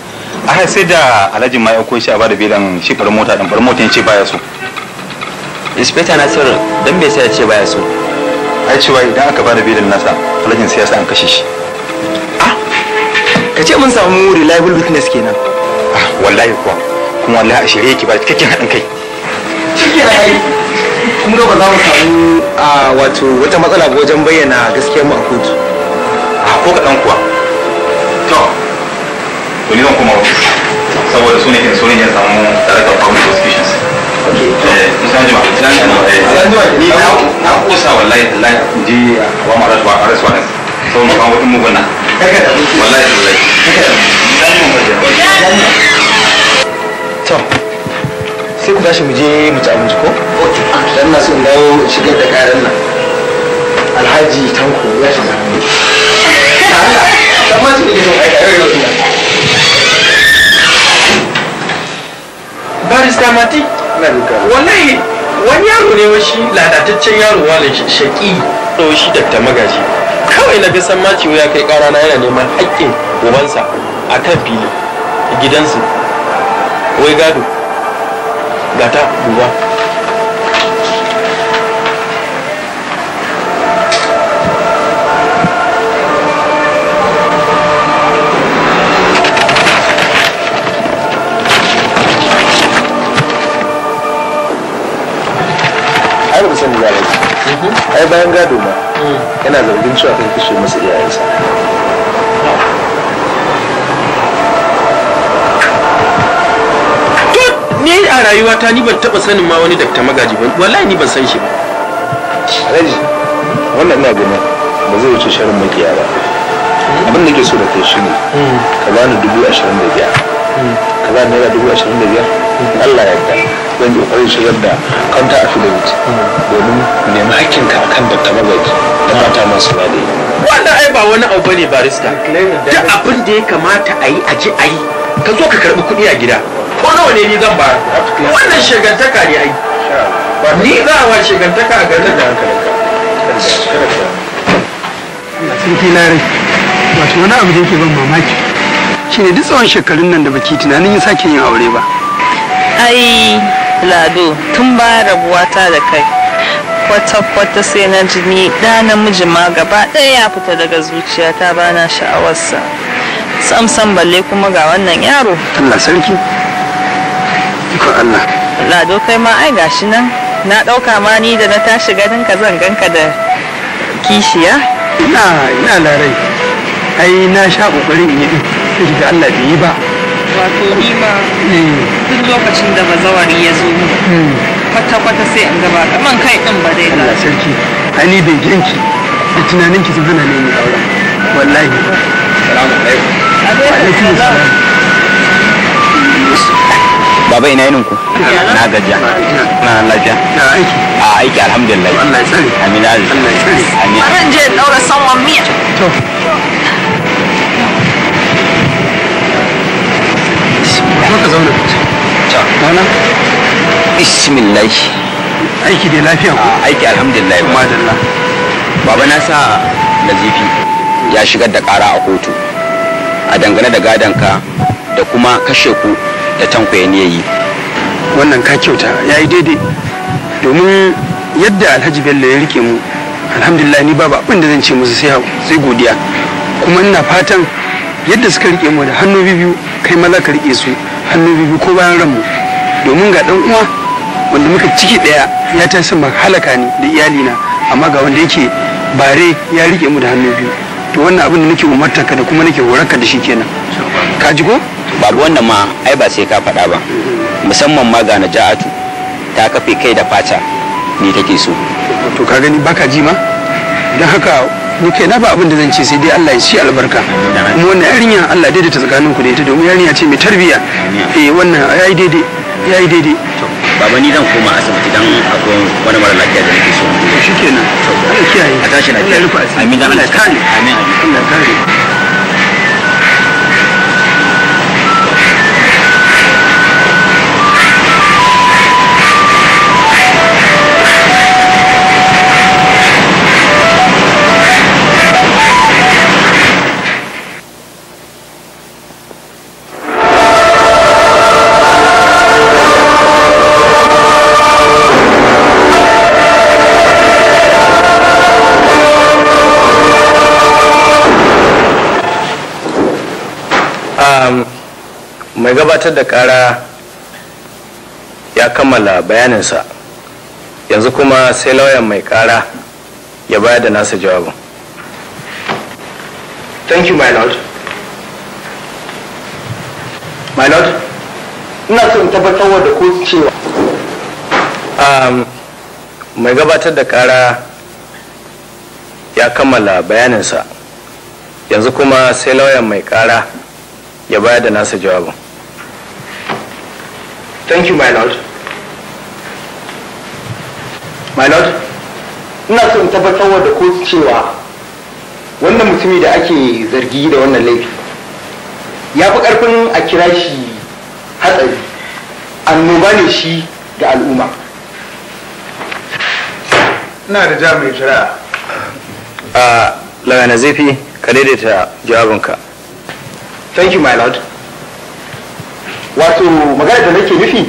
a sai da alhaji ma ya koyi shi a bada bidan shi barin mota din barin mota ya ce baya so inspector nasir dan bai sai ya ce baya so ai cewa idan aka bada bidan nasa alhajin sai ya sa an kashe shi ah, ka ce mun samu reliable witness kenan ah, wallahi kuwa kuma wallahi a shirye ki ba cikakken haɗin kai ciki kuma ba za mu samu a wato wata matsala wajen bayyana gaskiyar mu a kotu a ko kaɗan kuwa to to ni zan koma ofis saboda su ne in so ne ya samu director of public ni na kusa wallahi wallahi ji ah, wa mara zuwa har So mu kawo mugun na wallahi wallahi sai ku tashi mu je mu ci abinci ko dan na so dawo shigar da karan nan alhaji tanko ya shiga dan ma su ne ai kai yau barista mati wallahi wani yaro ne shi ladataccen yaro walin shaki to shi dakta magaji kawai na ga san maci ya kai karana yana neman haƙƙin a kan fili gidansu wai gado gata duba har ba sani mhm. ai bayan gado ma mm. yana zargin cewa kan kishe masu iyayensa rayuwata rayuwa ta ni ban taba sanin ma wani dakta magaji ba wallahi ni ban san shi ba alhaji wannan ina ganin ba zai wuce sharin makiya ba abin da ke so da kai shi ne ka bani dubu ashirin da biyar ka bani naira dubu ashirin da biyar Allah ya yarda zan yi ƙoƙarin shigar da kanta affidavit domin nemi hakkinka akan dakta magaji da mata masu ba wannan ai ba wani abu ne barista duk abin da ya kamata a yi a ji a yi ka zo ka karɓi kuɗi a gida nawa ne ni zan ba wannan shegantaka ne ai ni za a wa shegantaka a garin da sarki lare wato wani abu da yake ban mamaki shi ne duk tsawon shekarun nan da baki tunanin ya sake yin aure ba ai lado tun ba rabuwata da kai kwata-kwata sai na jini ɗa namiji ma gaba ɗaya ya fita daga zuciya ba na sha'awarsa sam-sam balle kuma ga wannan yaro Allah sarki ikon Allah lado kai ma ai gashi nan na ɗauka ma ni da na tashi ganin ka zan ganka da kishiya ina ina larai ai na sha kokarin in yi din da Allah bai yi ba wato ni ma eh. duk lokacin da bazawari ya zo mu hmm. kwata kwata sai in gaba man kai din ba dai Allah sarki ai ni bai ganki da tunanin ki sun hana ni aure wallahi assalamu alaikum alaikum assalam baba ina yinin ku na gajiya na lafiya a aiki alhamdulillah Allah ya tsare amin Allah ya tsare amin zan je daura sanwan miya to ka zauna ta ta na bismillah aiki da lafiya ku aiki alhamdulillah madalla baba na sa nazifi ya shigar da kara a kotu a dangane da gadanka da kuma kashe ku da tanko ya yi wannan ka kyauta ya yi daidai domin yadda alhaji bello ya rike mu alhamdulillah ni babu abin da zan ce musu sai sai godiya kuma ina fatan yadda suka rike mu da hannu biyu kai ma za ka rike su hannu biyu ko bayan ranmu domin ga dan uwa wanda muka ciki daya ya ta san halaka ni da iyalina amma ga wanda yake bare ya rike mu da hannu biyu to wannan abin da nake umarta ka da kuma nake horar ka da shi kenan ka ji ko ba wannan ma ai ba sai ka faɗa ba musamman ma ga naja'atu ta kafe kai da fata ni take so to ka gani baka ji ma don haka ni kai na ba abin da zan ce sai dai Allah ya shi albarka kuma wannan yarinya Allah daidaita tsakanin ku da ita domin yarinya ce mai tarbiya eh wannan yayi daidai yayi daidai baba ni zan koma asibiti dan akwai wani mara lafiya da nake so shikenan Allah kiyaye a tashi lafiya amin dan Allah kare amin Allah kare mai gabatar da kara ya kammala bayaninsa yanzu kuma sai lauyan mai kara ya bayar da nasa jawabin thank you my lord my lord ina son tabbatarwa da kotu cewa um, mai gabatar da kara ya kammala bayaninsa yanzu kuma sai lauyan mai kara ya bayar da nasa jawabin Thank you, my lord. My lord, ina so in tabbatar da kotu cewa wannan mutumi da ake zargi da wannan laifi ya fi ƙarfin a kira shi hatsari annoba ne shi ga al'umma. Ina da ja mai shari'a. A ah, lagana zafi ka daidaita jawabinka. Thank you, my lord. wato magana da nake nufi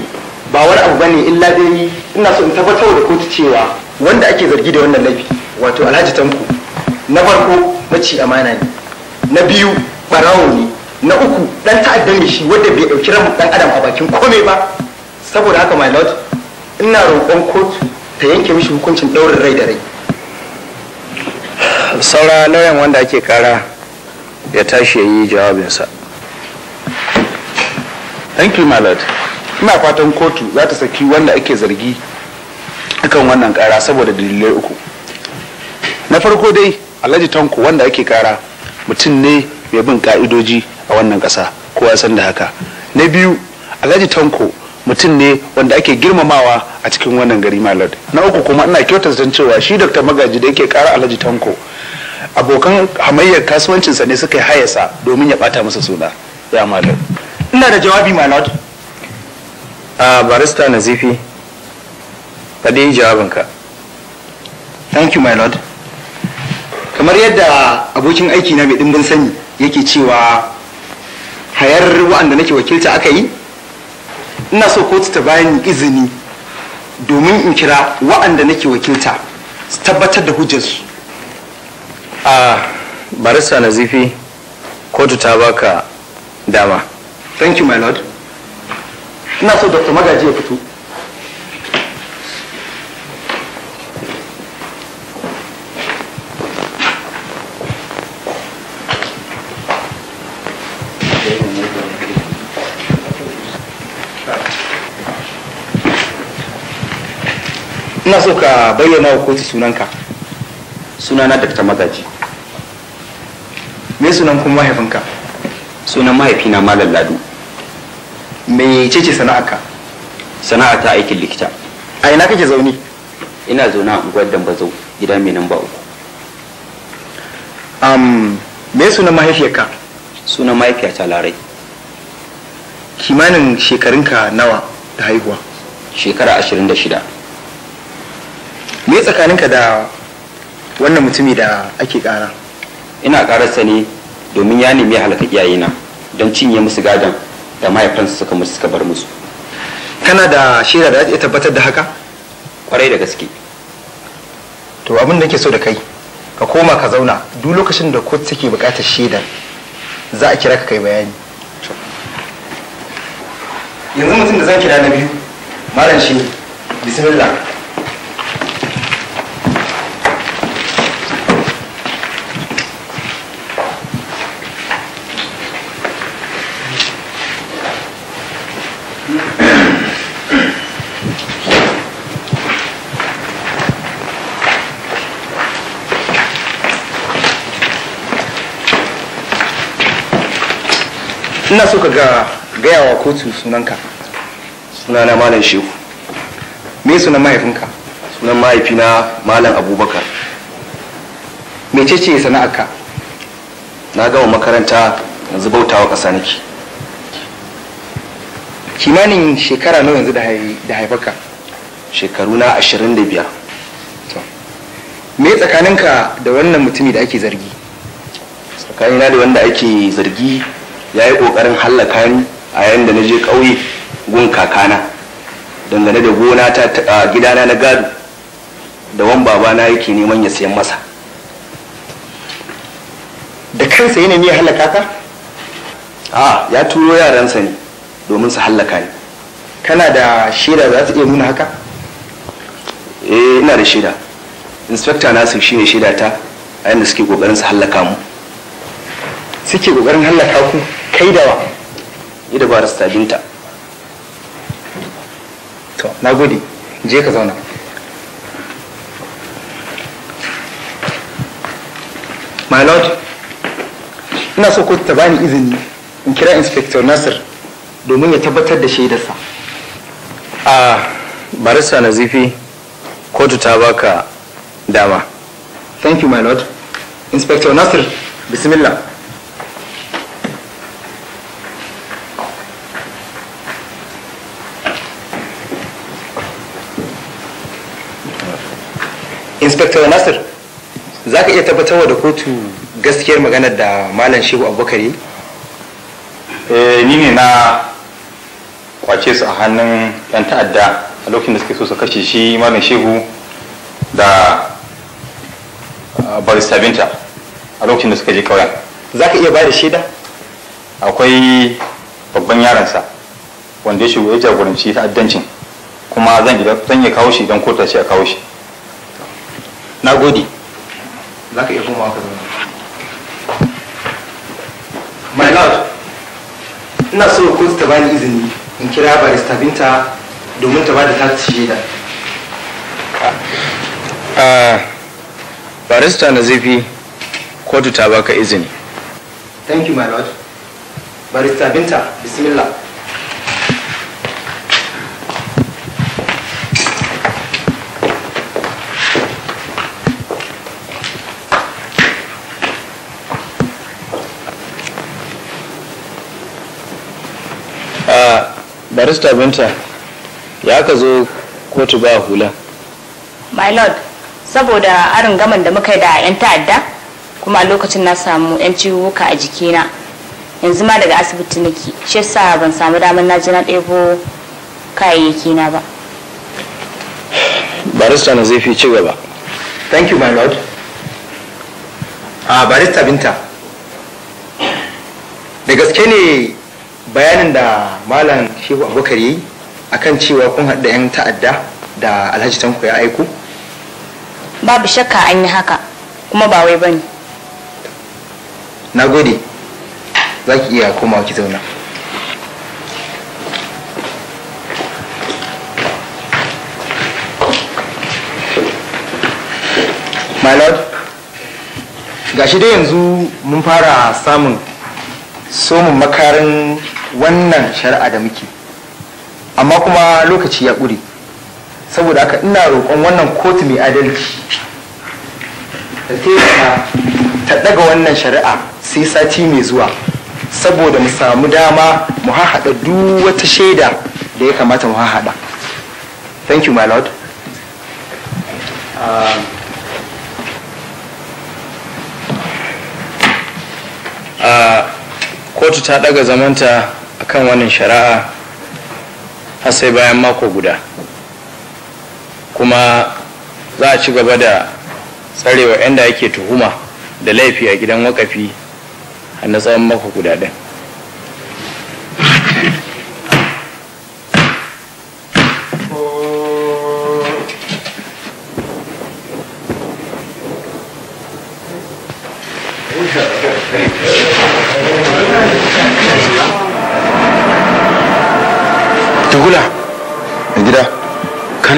ba wani abu bane illa dai ina so in tabbatar da kotu cewa wanda ake zargi da wannan laifi wato alhaji tanko na farko mace amana ne na biyu barawo ne na uku dan ta'adda ne shi wanda bai dauki ran dan adam a bakin komai ba saboda haka my lord ina roƙon kotu ta yanke mishi hukuncin daurin rai da rai saura lauyan wanda ake kara ya tashi ya yi jawabinsa thank you my lord ina fatan kotu za ta saki wanda ake zargi akan wannan kara saboda dalilai uku na farko dai alhaji tanko wanda ake kara mutum ne mai bin ka'idoji a wannan kasa ko ya san da haka na biyu alhaji tanko mutum ne wanda ake girmamawa a cikin wannan gari malad na uku kuma ina kyautata cewa shi dr magaji da yake kara alhaji tanko abokan hamayyar kasuwancinsa ne suka yi hayasa domin ya bata masa suna ya malad ina da jawabi my lord a barista nazifi faɗi jawabinka thank you my lord kamar yadda abokin aiki na mai ɗimbin sani yake cewa hayar wa'anda nake wakilta aka yi ina so kotu ta bani izini domin in kira wa'anda nake wakilta su tabbatar da hujjarsu a barista nazifi kotu ta baka dama thank you my lord ina so dr magaji ya fito ina so ka bayyana wa kotu sunanka sunana dr magaji me sunan kuma mahaifinka sunan mahaifina malam ladu me ce ce ka? sana'a ta aikin likita a ina kake zaune ina zaune a unguwar dambazau gida mai namba uku um, me sunan mahaifiyarka sunan mahaifiyata larai kimanin shekarunka nawa da haihuwa shekara ashirin da shida me tsakaninka da wannan mutumi da ake kara ina ƙararsa ne domin ya nemi halaka iyayena don cinye musu gadon da mahaifansu suka suka bar musu kana da shira da ya tabbatar da haka kwarai da gaske to abin da ke so da kai ka koma ka zauna duk lokacin da kotu take bukatar shaidar za a kira ka kai bayani yanzu mutum da za kira na biyu malam shi bismillah ina so ka ga gayawa kotu sunanka na malam shehu me sunan mahaifinka sunan mahaifina malam abubakar mecece sana'arka na gama makaranta yanzu bautawa ƙasa nake kimanin shekara nawa yanzu da haifaka shekaru na ashirin da biyar me tsakaninka da wannan mutumi da ake zargi tsakanina da wanda ake zargi ya yi ƙoƙarin hallaka ni a yayin da na je ƙauye gun kakana dangane da gona ta gidana na gado da wan babana yake neman ya sayan masa da kansa yana ne hallaka ka a ya turo yaransa ne domin su hallaka ni kana da shaida za su iya nuna haka eh ina da shaida inspector nasu ne shaida ta a yadda suke ƙoƙarin su hallaka mu suke ƙoƙarin hallaka ku kai dawa yi ni da barista binta to na gode je ka zauna my lord ina so ku ta bani izini in kira inspector nasir domin ya tabbatar da shaidarsa a barista nazifi kotu ta baka dama thank you my lord inspector nasir bismillah inspector nasir za ka iya tabbatarwa da kotu gaskiyar maganar da malam shehu abubakari eh, ni ne na kwace su a hannun yan ta'adda a lokacin da suke so su kashe shi malam shehu da ah, barista binta a lokacin da suka je kauyen za ka iya ba da shaida akwai babban yaransa wanda ya shigo ya jagoranci ta'addancin kuma zan iya kawo shi don kota a kawo shi na gode za ka iya komawa ka zama my lord ina so ku ta bani izini in kira barista binta domin ta bada tasu shaida Ah, barista na zafi kotu ta baka izini thank you my lord barista binta bismillah barista binta ya ka zo kotu ba hula my lord saboda arin gaman da muka yi da 'yan ta'adda kuma a lokacin na samu 'yan ciwuka a jikina yanzu ma daga asibiti nake shi yasa ban samu damar na ji na ɗebo kayayyaki na ba barista na zai fi ci gaba thank you my lord a ah, barista binta da gaske ne bayanin da malam shehu abubakar yayi akan cewa kun haɗa 'yan ta'adda da alhaji tanko ya aiko babu shakka an yi haka kuma ba wai bane na gode za ki iya komawa ki zauna my lord gashi dai yanzu mun fara samun somin makarin wannan shari'a da muke amma kuma lokaci ya ƙure saboda haka ina roƙon wannan kotu mai adalci da ta ɗaga wannan shari'a sai sati mai zuwa saboda mu samu dama mu hahaɗa duk wata shaida da ya kamata mu hahaɗa thank you my lord ah, kotu ta ɗaga zamanta kan wannan shari'a har sai bayan mako guda kuma za a ci gaba da tsarewa yadda ake tuhuma da laifi a gidan wakafi a na tsawon mako guda ɗin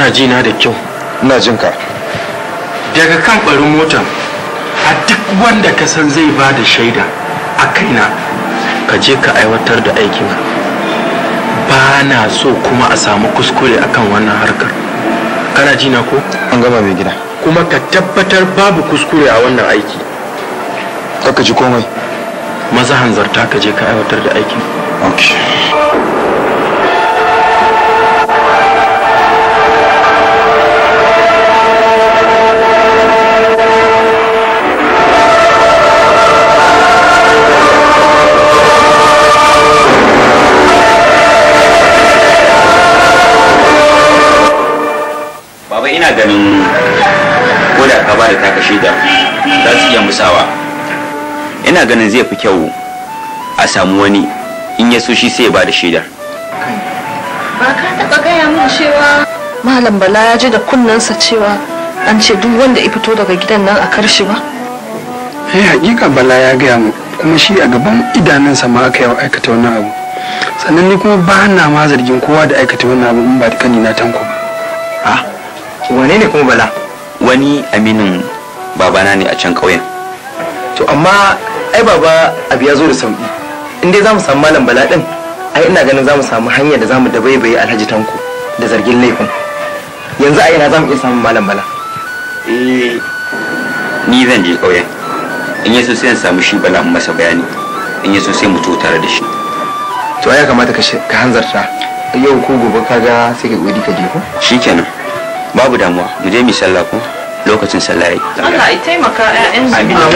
kana ji na da kyau ina jin ka daga kan ɓarin mota, a duk wanda ka san zai ba da shaida a kaina ka je ka aiwatar da aikin ba na so kuma a samu kuskure akan wannan harkar kana ji na ko an gama mai gida kuma ka tabbatar babu kuskure a wannan aiki ka ji komai maza hanzarta ka je ka aiwatar da aikin okay. ina ganin ko da ta kashe taka za su iya musawa ina ganin zai fi kyau a samu wani in ya so shi sai ya da shaidar ba ka taɓa gaya min cewa malam bala ya ji da kunnansa cewa an ce duk wanda ya fito daga gidan nan a karshe ba eh hakika bala ya gaya mu kuma shi a gaban idanunsa ma aka wa aikata wani abu sannan ni kuma ba na ma zargin kowa da aikata wani abu in ba da kanina tanko ba ah, wane ne kuma bala wani aminin babana ne a can ƙauyen to amma ai baba abu ya zo da sauƙi in dai za mu samu malam bala ɗin ai ina ganin za mu samu hanyar da za mu dabaibaye alhaji tanko da zargin laifin yanzu a ina za mu iya samun malam bala eh ni zan je ƙauyen in yaso sai in samu shi bala in masa bayani in yaso sai mu tare da shi to ya kamata ka hanzarta yau ko gobe kaga sai ka godi ka je ko shikenan babu damuwa mu je mu sallah ko lokacin sallah yayi Allah ya taimaka ƴaƴan su Allah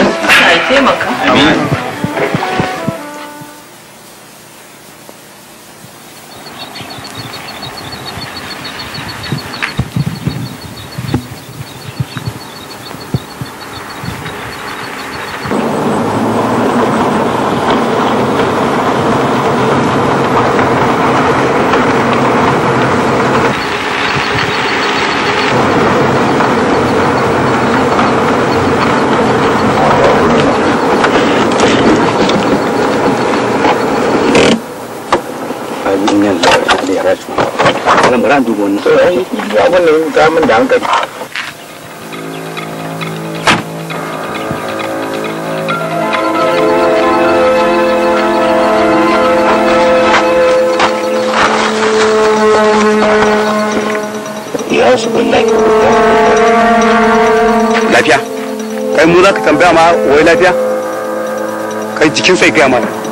ya taimaka amin wannan ta da hankali lafiya kai mu za ka tambaya ma wai lafiya kai jikin sai gaya mana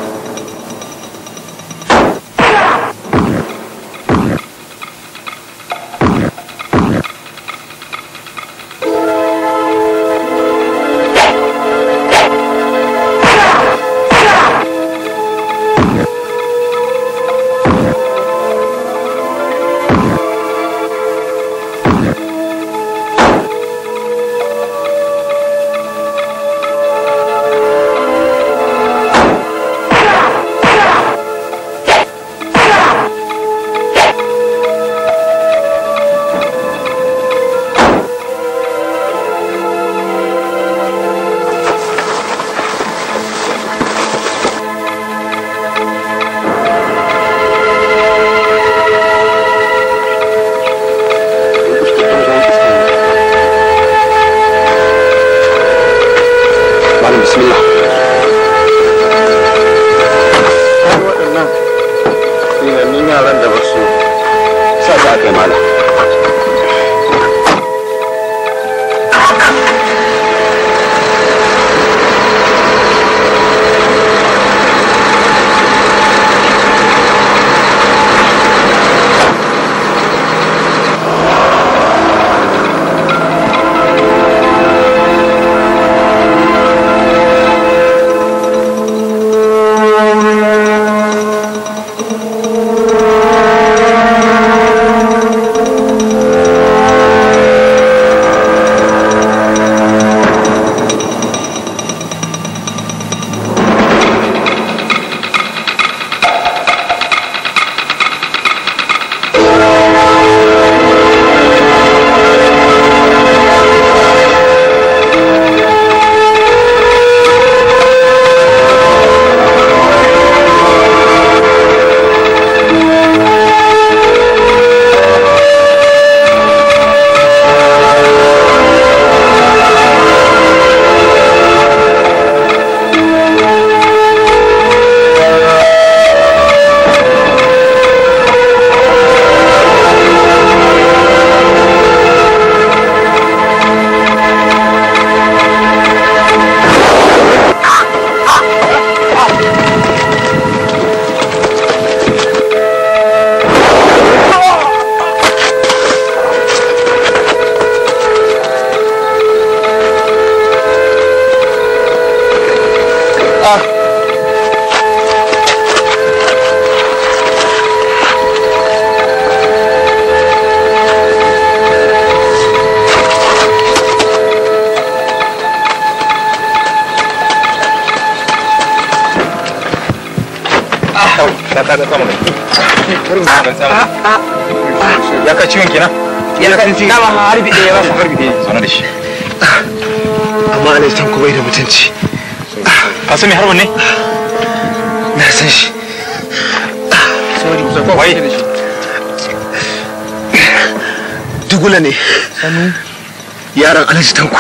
yaran alhaji tanko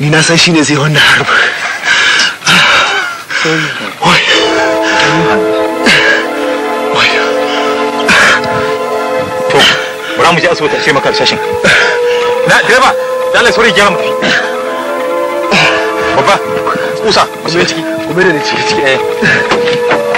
ni na san shine zai wannan harba bara mu je asibiti a ce maka alshashin na direba da Allah sauri gyara babba masu ciki kuma da ciki ciki eh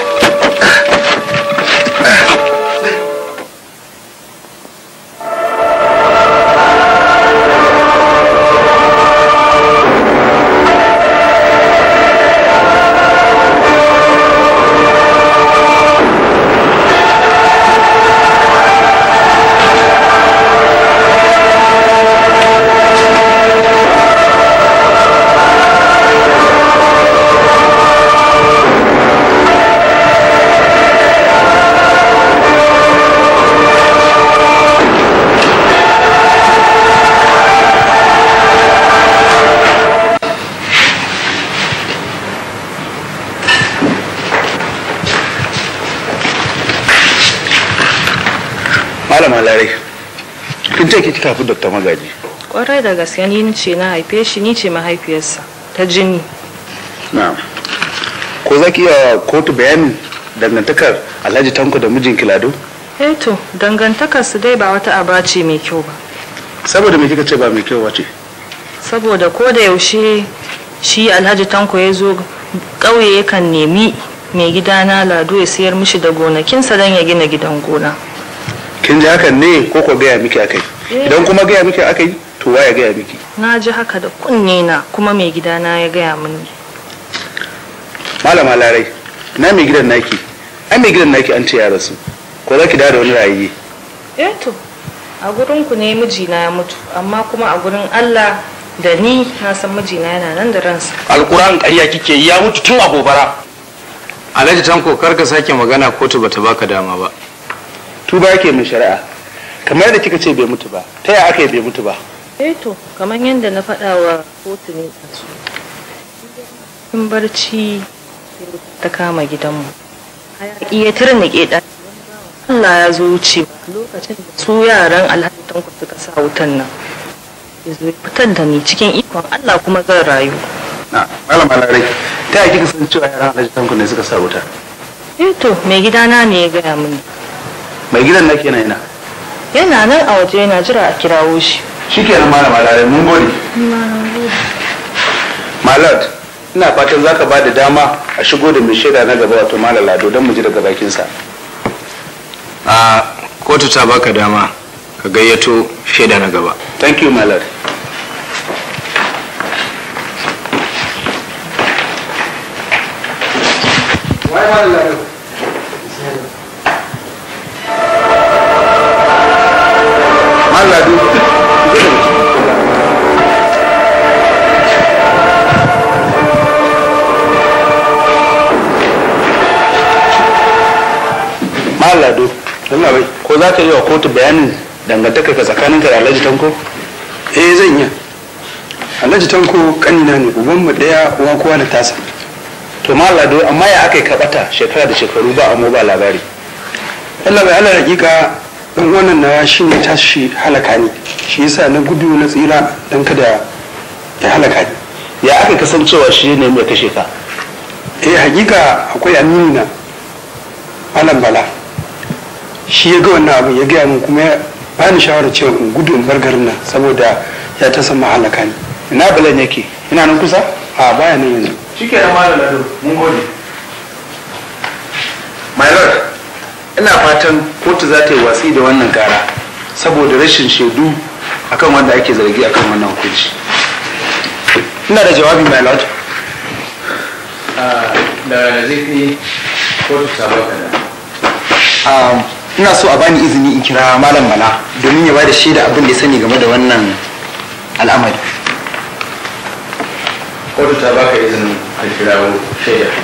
kake kika haifi Dr. Magaji? Kwarai da gaske ni ce na haife shi ni ce mahaifiyarsa ta jini. na Ko za ki iya kotu bayanin dangantakar Alhaji Tanko da mijin Kilado? Eh to, dangantakar su dai ba wata aba ce mai kyau ba. Saboda me kika ce ba mai kyau ba ce? Saboda ko da yaushe shi Alhaji Tanko ya zo ƙauye yakan nemi mai gidana Lado ya sayar mishi da gonakinsa don ya gina gidan gona. Kin ji hakan ne ko ko gaya miki akai? Eh. idan kuma gaya miki aka yi to waya gaya miki na ji haka da kunne na kuma mai gida na ya gaya mini malama larai na mai gidan naki ai mai gidan naki an ce ya rasu ko za ki da wani rayuwa eh to a gurin ku ne mijina ya mutu amma kuma a gurin Allah da ni na san mijina yana nan da ransa alquran ƙarya kike ya mutu tun a gobara alhaji tanko kar ka sake magana kotu bata baka dama ba tuba yake min shari'a kamar da kika ce bai mutu ba ta yaya aka yi bai mutu ba eh to kamar yadda na faɗa wa kotu ne su in barci ta kama gidanmu iya na keɗa Allah ya zo wuce lokacin da su yaran alhajjitan ku suka sa wutan nan ya zo fitar da ni cikin ikon Allah kuma zan rayu na malama ta yaya kika san cewa yaran alhajjitan ku ne suka sa wuta eh to mai gidana ne ya gaya mini mai gidan na kenan yana yana nan a waje yana jira a kirawo shi nan malama lalle mun gode malad ina fatan zaka ka ba da dama a shigo da mai shaida na gaba wato malam lado don mu ji daga bakinsa a kotu ta baka dama ka gayyato shaida na gaba thank you malad Wai malam lado lado ko za ka yi wa kotu bayanin dangantaka ka tsakanin ka da alhaji tanko eh zan yi alhaji tanko kanina ne uban mu daya uwa kowa na tasa to ma lado amma ya aka yi kabata shekara da shekaru ba amma ba labari Allah bai halar hakika dan wannan na shi ne tashi halaka ne shi yasa na gudu na tsira dan kada ya halaka ne ya aka kasancewa shi ne mai kashe ka eh hakika akwai Amina na malam bala shi ya ga wannan abin ya gaya min kuma ya bani shawarar cewa in gudu in bar garin nan saboda ya ta san mahalaka ne ina balan yake ina nan kusa a baya nan yanzu shike na malam lado mun gode my lord ina fatan kotu za ta yi watsi da wannan gara saboda rashin shaidu akan wanda ake zargi akan wannan hukunci ina da jawabi my lord ah, da zai kotu ta baka da um, ina so a bani izini in kira malam bala domin ya ba da shaida abin da ya sani game da wannan al'amari kotu ta baka izinin ka kirawo shaida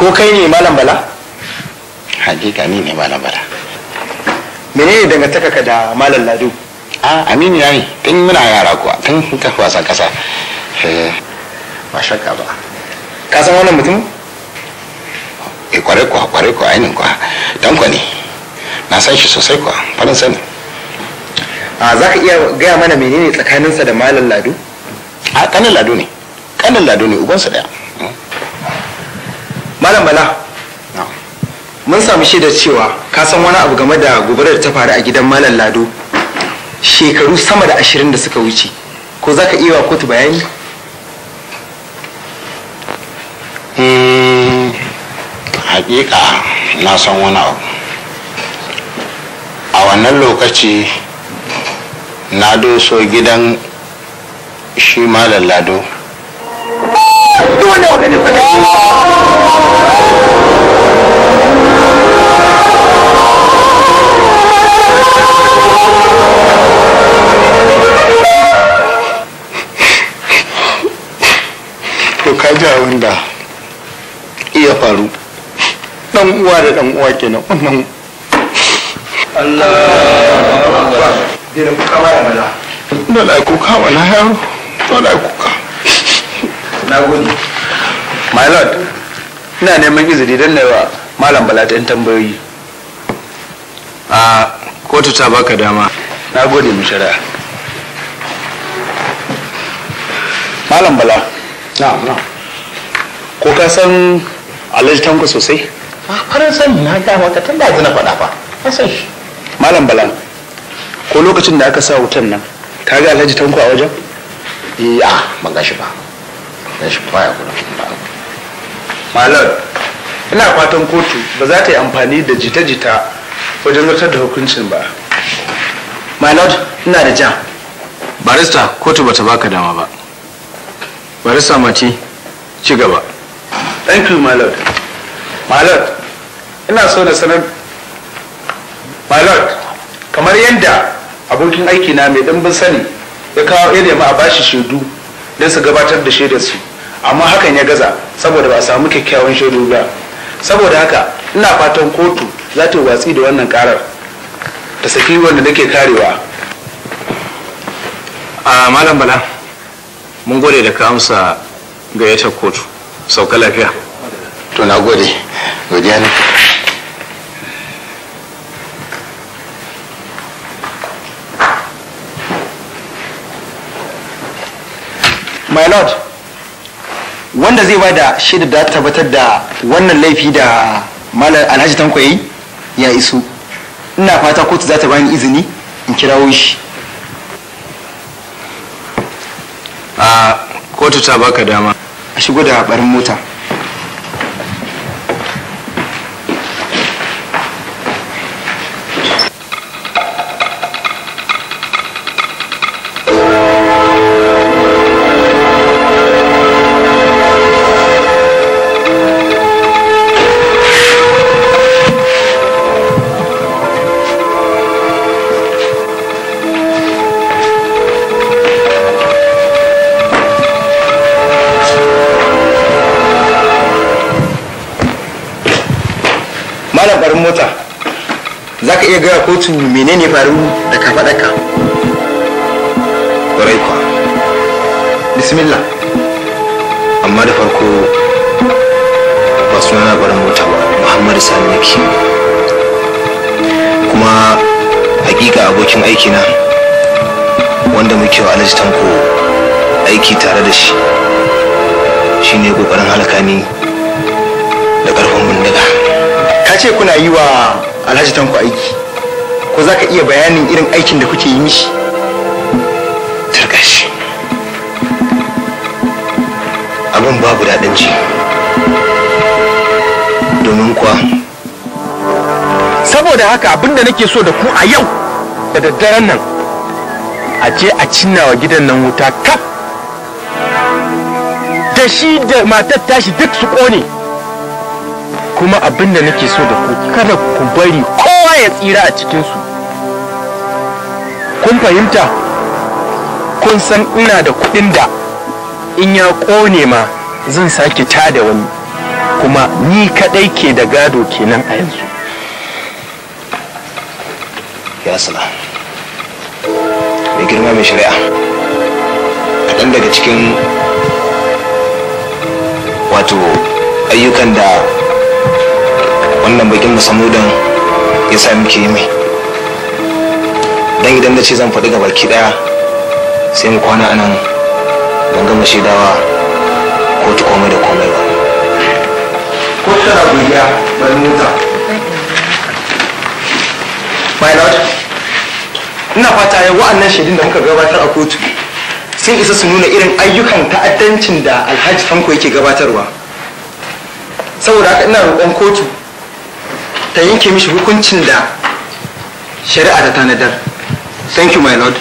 ko kai ne malam bala hakika ni ne malam bala ne dangantaka ka da malam Ladu? a aminu ya yi? tun muna yara kuwa tun ta wasan kasa eh. ba shakka ba ka san wannan mutum e eh, kware kuwa kware kuwa ainihin kuwa don kwa ne na san shi sosai kuwa farin sani a za ka iya gaya mana menene tsakaninsa da malam Ladu? a kanin Ladu ne kanin Ladu ne ubansa daya malam bala mun samu shaidar cewa ka san wani abu game da gobarar ta faru a gidan malam lado shekaru sama da ashirin da suka wuce ko za ka iya wa kotu bayani hmm, hakika na san wani abu a wannan lokaci na doso gidan shi malam lado dan uwa da dan uwa kenan wannan Allah da kuka mara maza dole kuka wala yaro kuka na gode my lord ina neman izini don na malam bala ta tambayoyi a kotu ta baka dama na gode mu shari'a malam bala na ko ka san alhaji tanko sosai farin sani na ga wata tun da na faɗa ba na san shi malam bala ko lokacin da aka sa wutan nan ka ga alhaji tanko a wajen eh a ah, ban gashi ba ban shi baya gudu ba malam ina fatan kotu ba za ta yi amfani da jita-jita wajen zartar da hukuncin ba my lord ina da jam barista kotu bata baka dama ba barista mace ci gaba thank you my lord my lord ina so na sanar my kamar yadda abokin aiki na mai dimbin sani ya kawo ya nemi a bashi shaidu don su gabatar da shaidar su amma hakan ya gaza saboda ba a samu kyakkyawan shaidu ba saboda haka ina fatan kotu za ta watsi da wannan karar ta saki wanda nake karewa a malam bala mun gode da ka amsa gayyatar kotu sauka lafiya to na gode godiya ne my lord wanda zai ba da shaida da tabbatar da wannan laifi da malar alhaji tankwayi ya isu ina fata kotu za ta bani izini in kirawo shi a kotu ta baka dama a shigo da barin mota ga kotun menene faru da ka kwa bismillah amma da farko ba suna barin mota ba muhammadu sani nake kuma hakika abokin aikina wanda muke wa alhaji tanko aiki tare da shi shine kokarin halaka ne da karfin bindiga ka ce kuna yi wa alhaji tanko aiki ko za ka iya bayanin irin aikin da kuke yi mishi tarkashi abin babu daɗin ji domin kuwa saboda haka abin da nake so da ku a yau da daddaren nan a je a cinnawa gidan nan wuta kaf da shi da matar tashi duk su ƙone kuma abin da nake so da ku kada ku bari ya tsira a cikinsu kun fahimta kun san ina da kuɗin da in ya ƙone ma zan sake da wani kuma ni kaɗai ke da gado kenan a yanzu ya sala mai girma mai shari'a kaɗan daga cikin wato ayyukan da wannan bakin musamman ya sa muke yi mai don idan da ce zan faɗi gabaki ɗaya sai mu kwana anan ban gama shaidawa ko ta komai da komai ba ko tara gudiya bari mota my lord ina fata ya wa'annan shaidun da muka gabatar a kotu sun isa su nuna irin ayyukan ta'addancin da alhaji tanko yake gabatarwa saboda haka ina roƙon kotu ta yanke mishi hukuncin da shari'a ta tanadar thank you my lord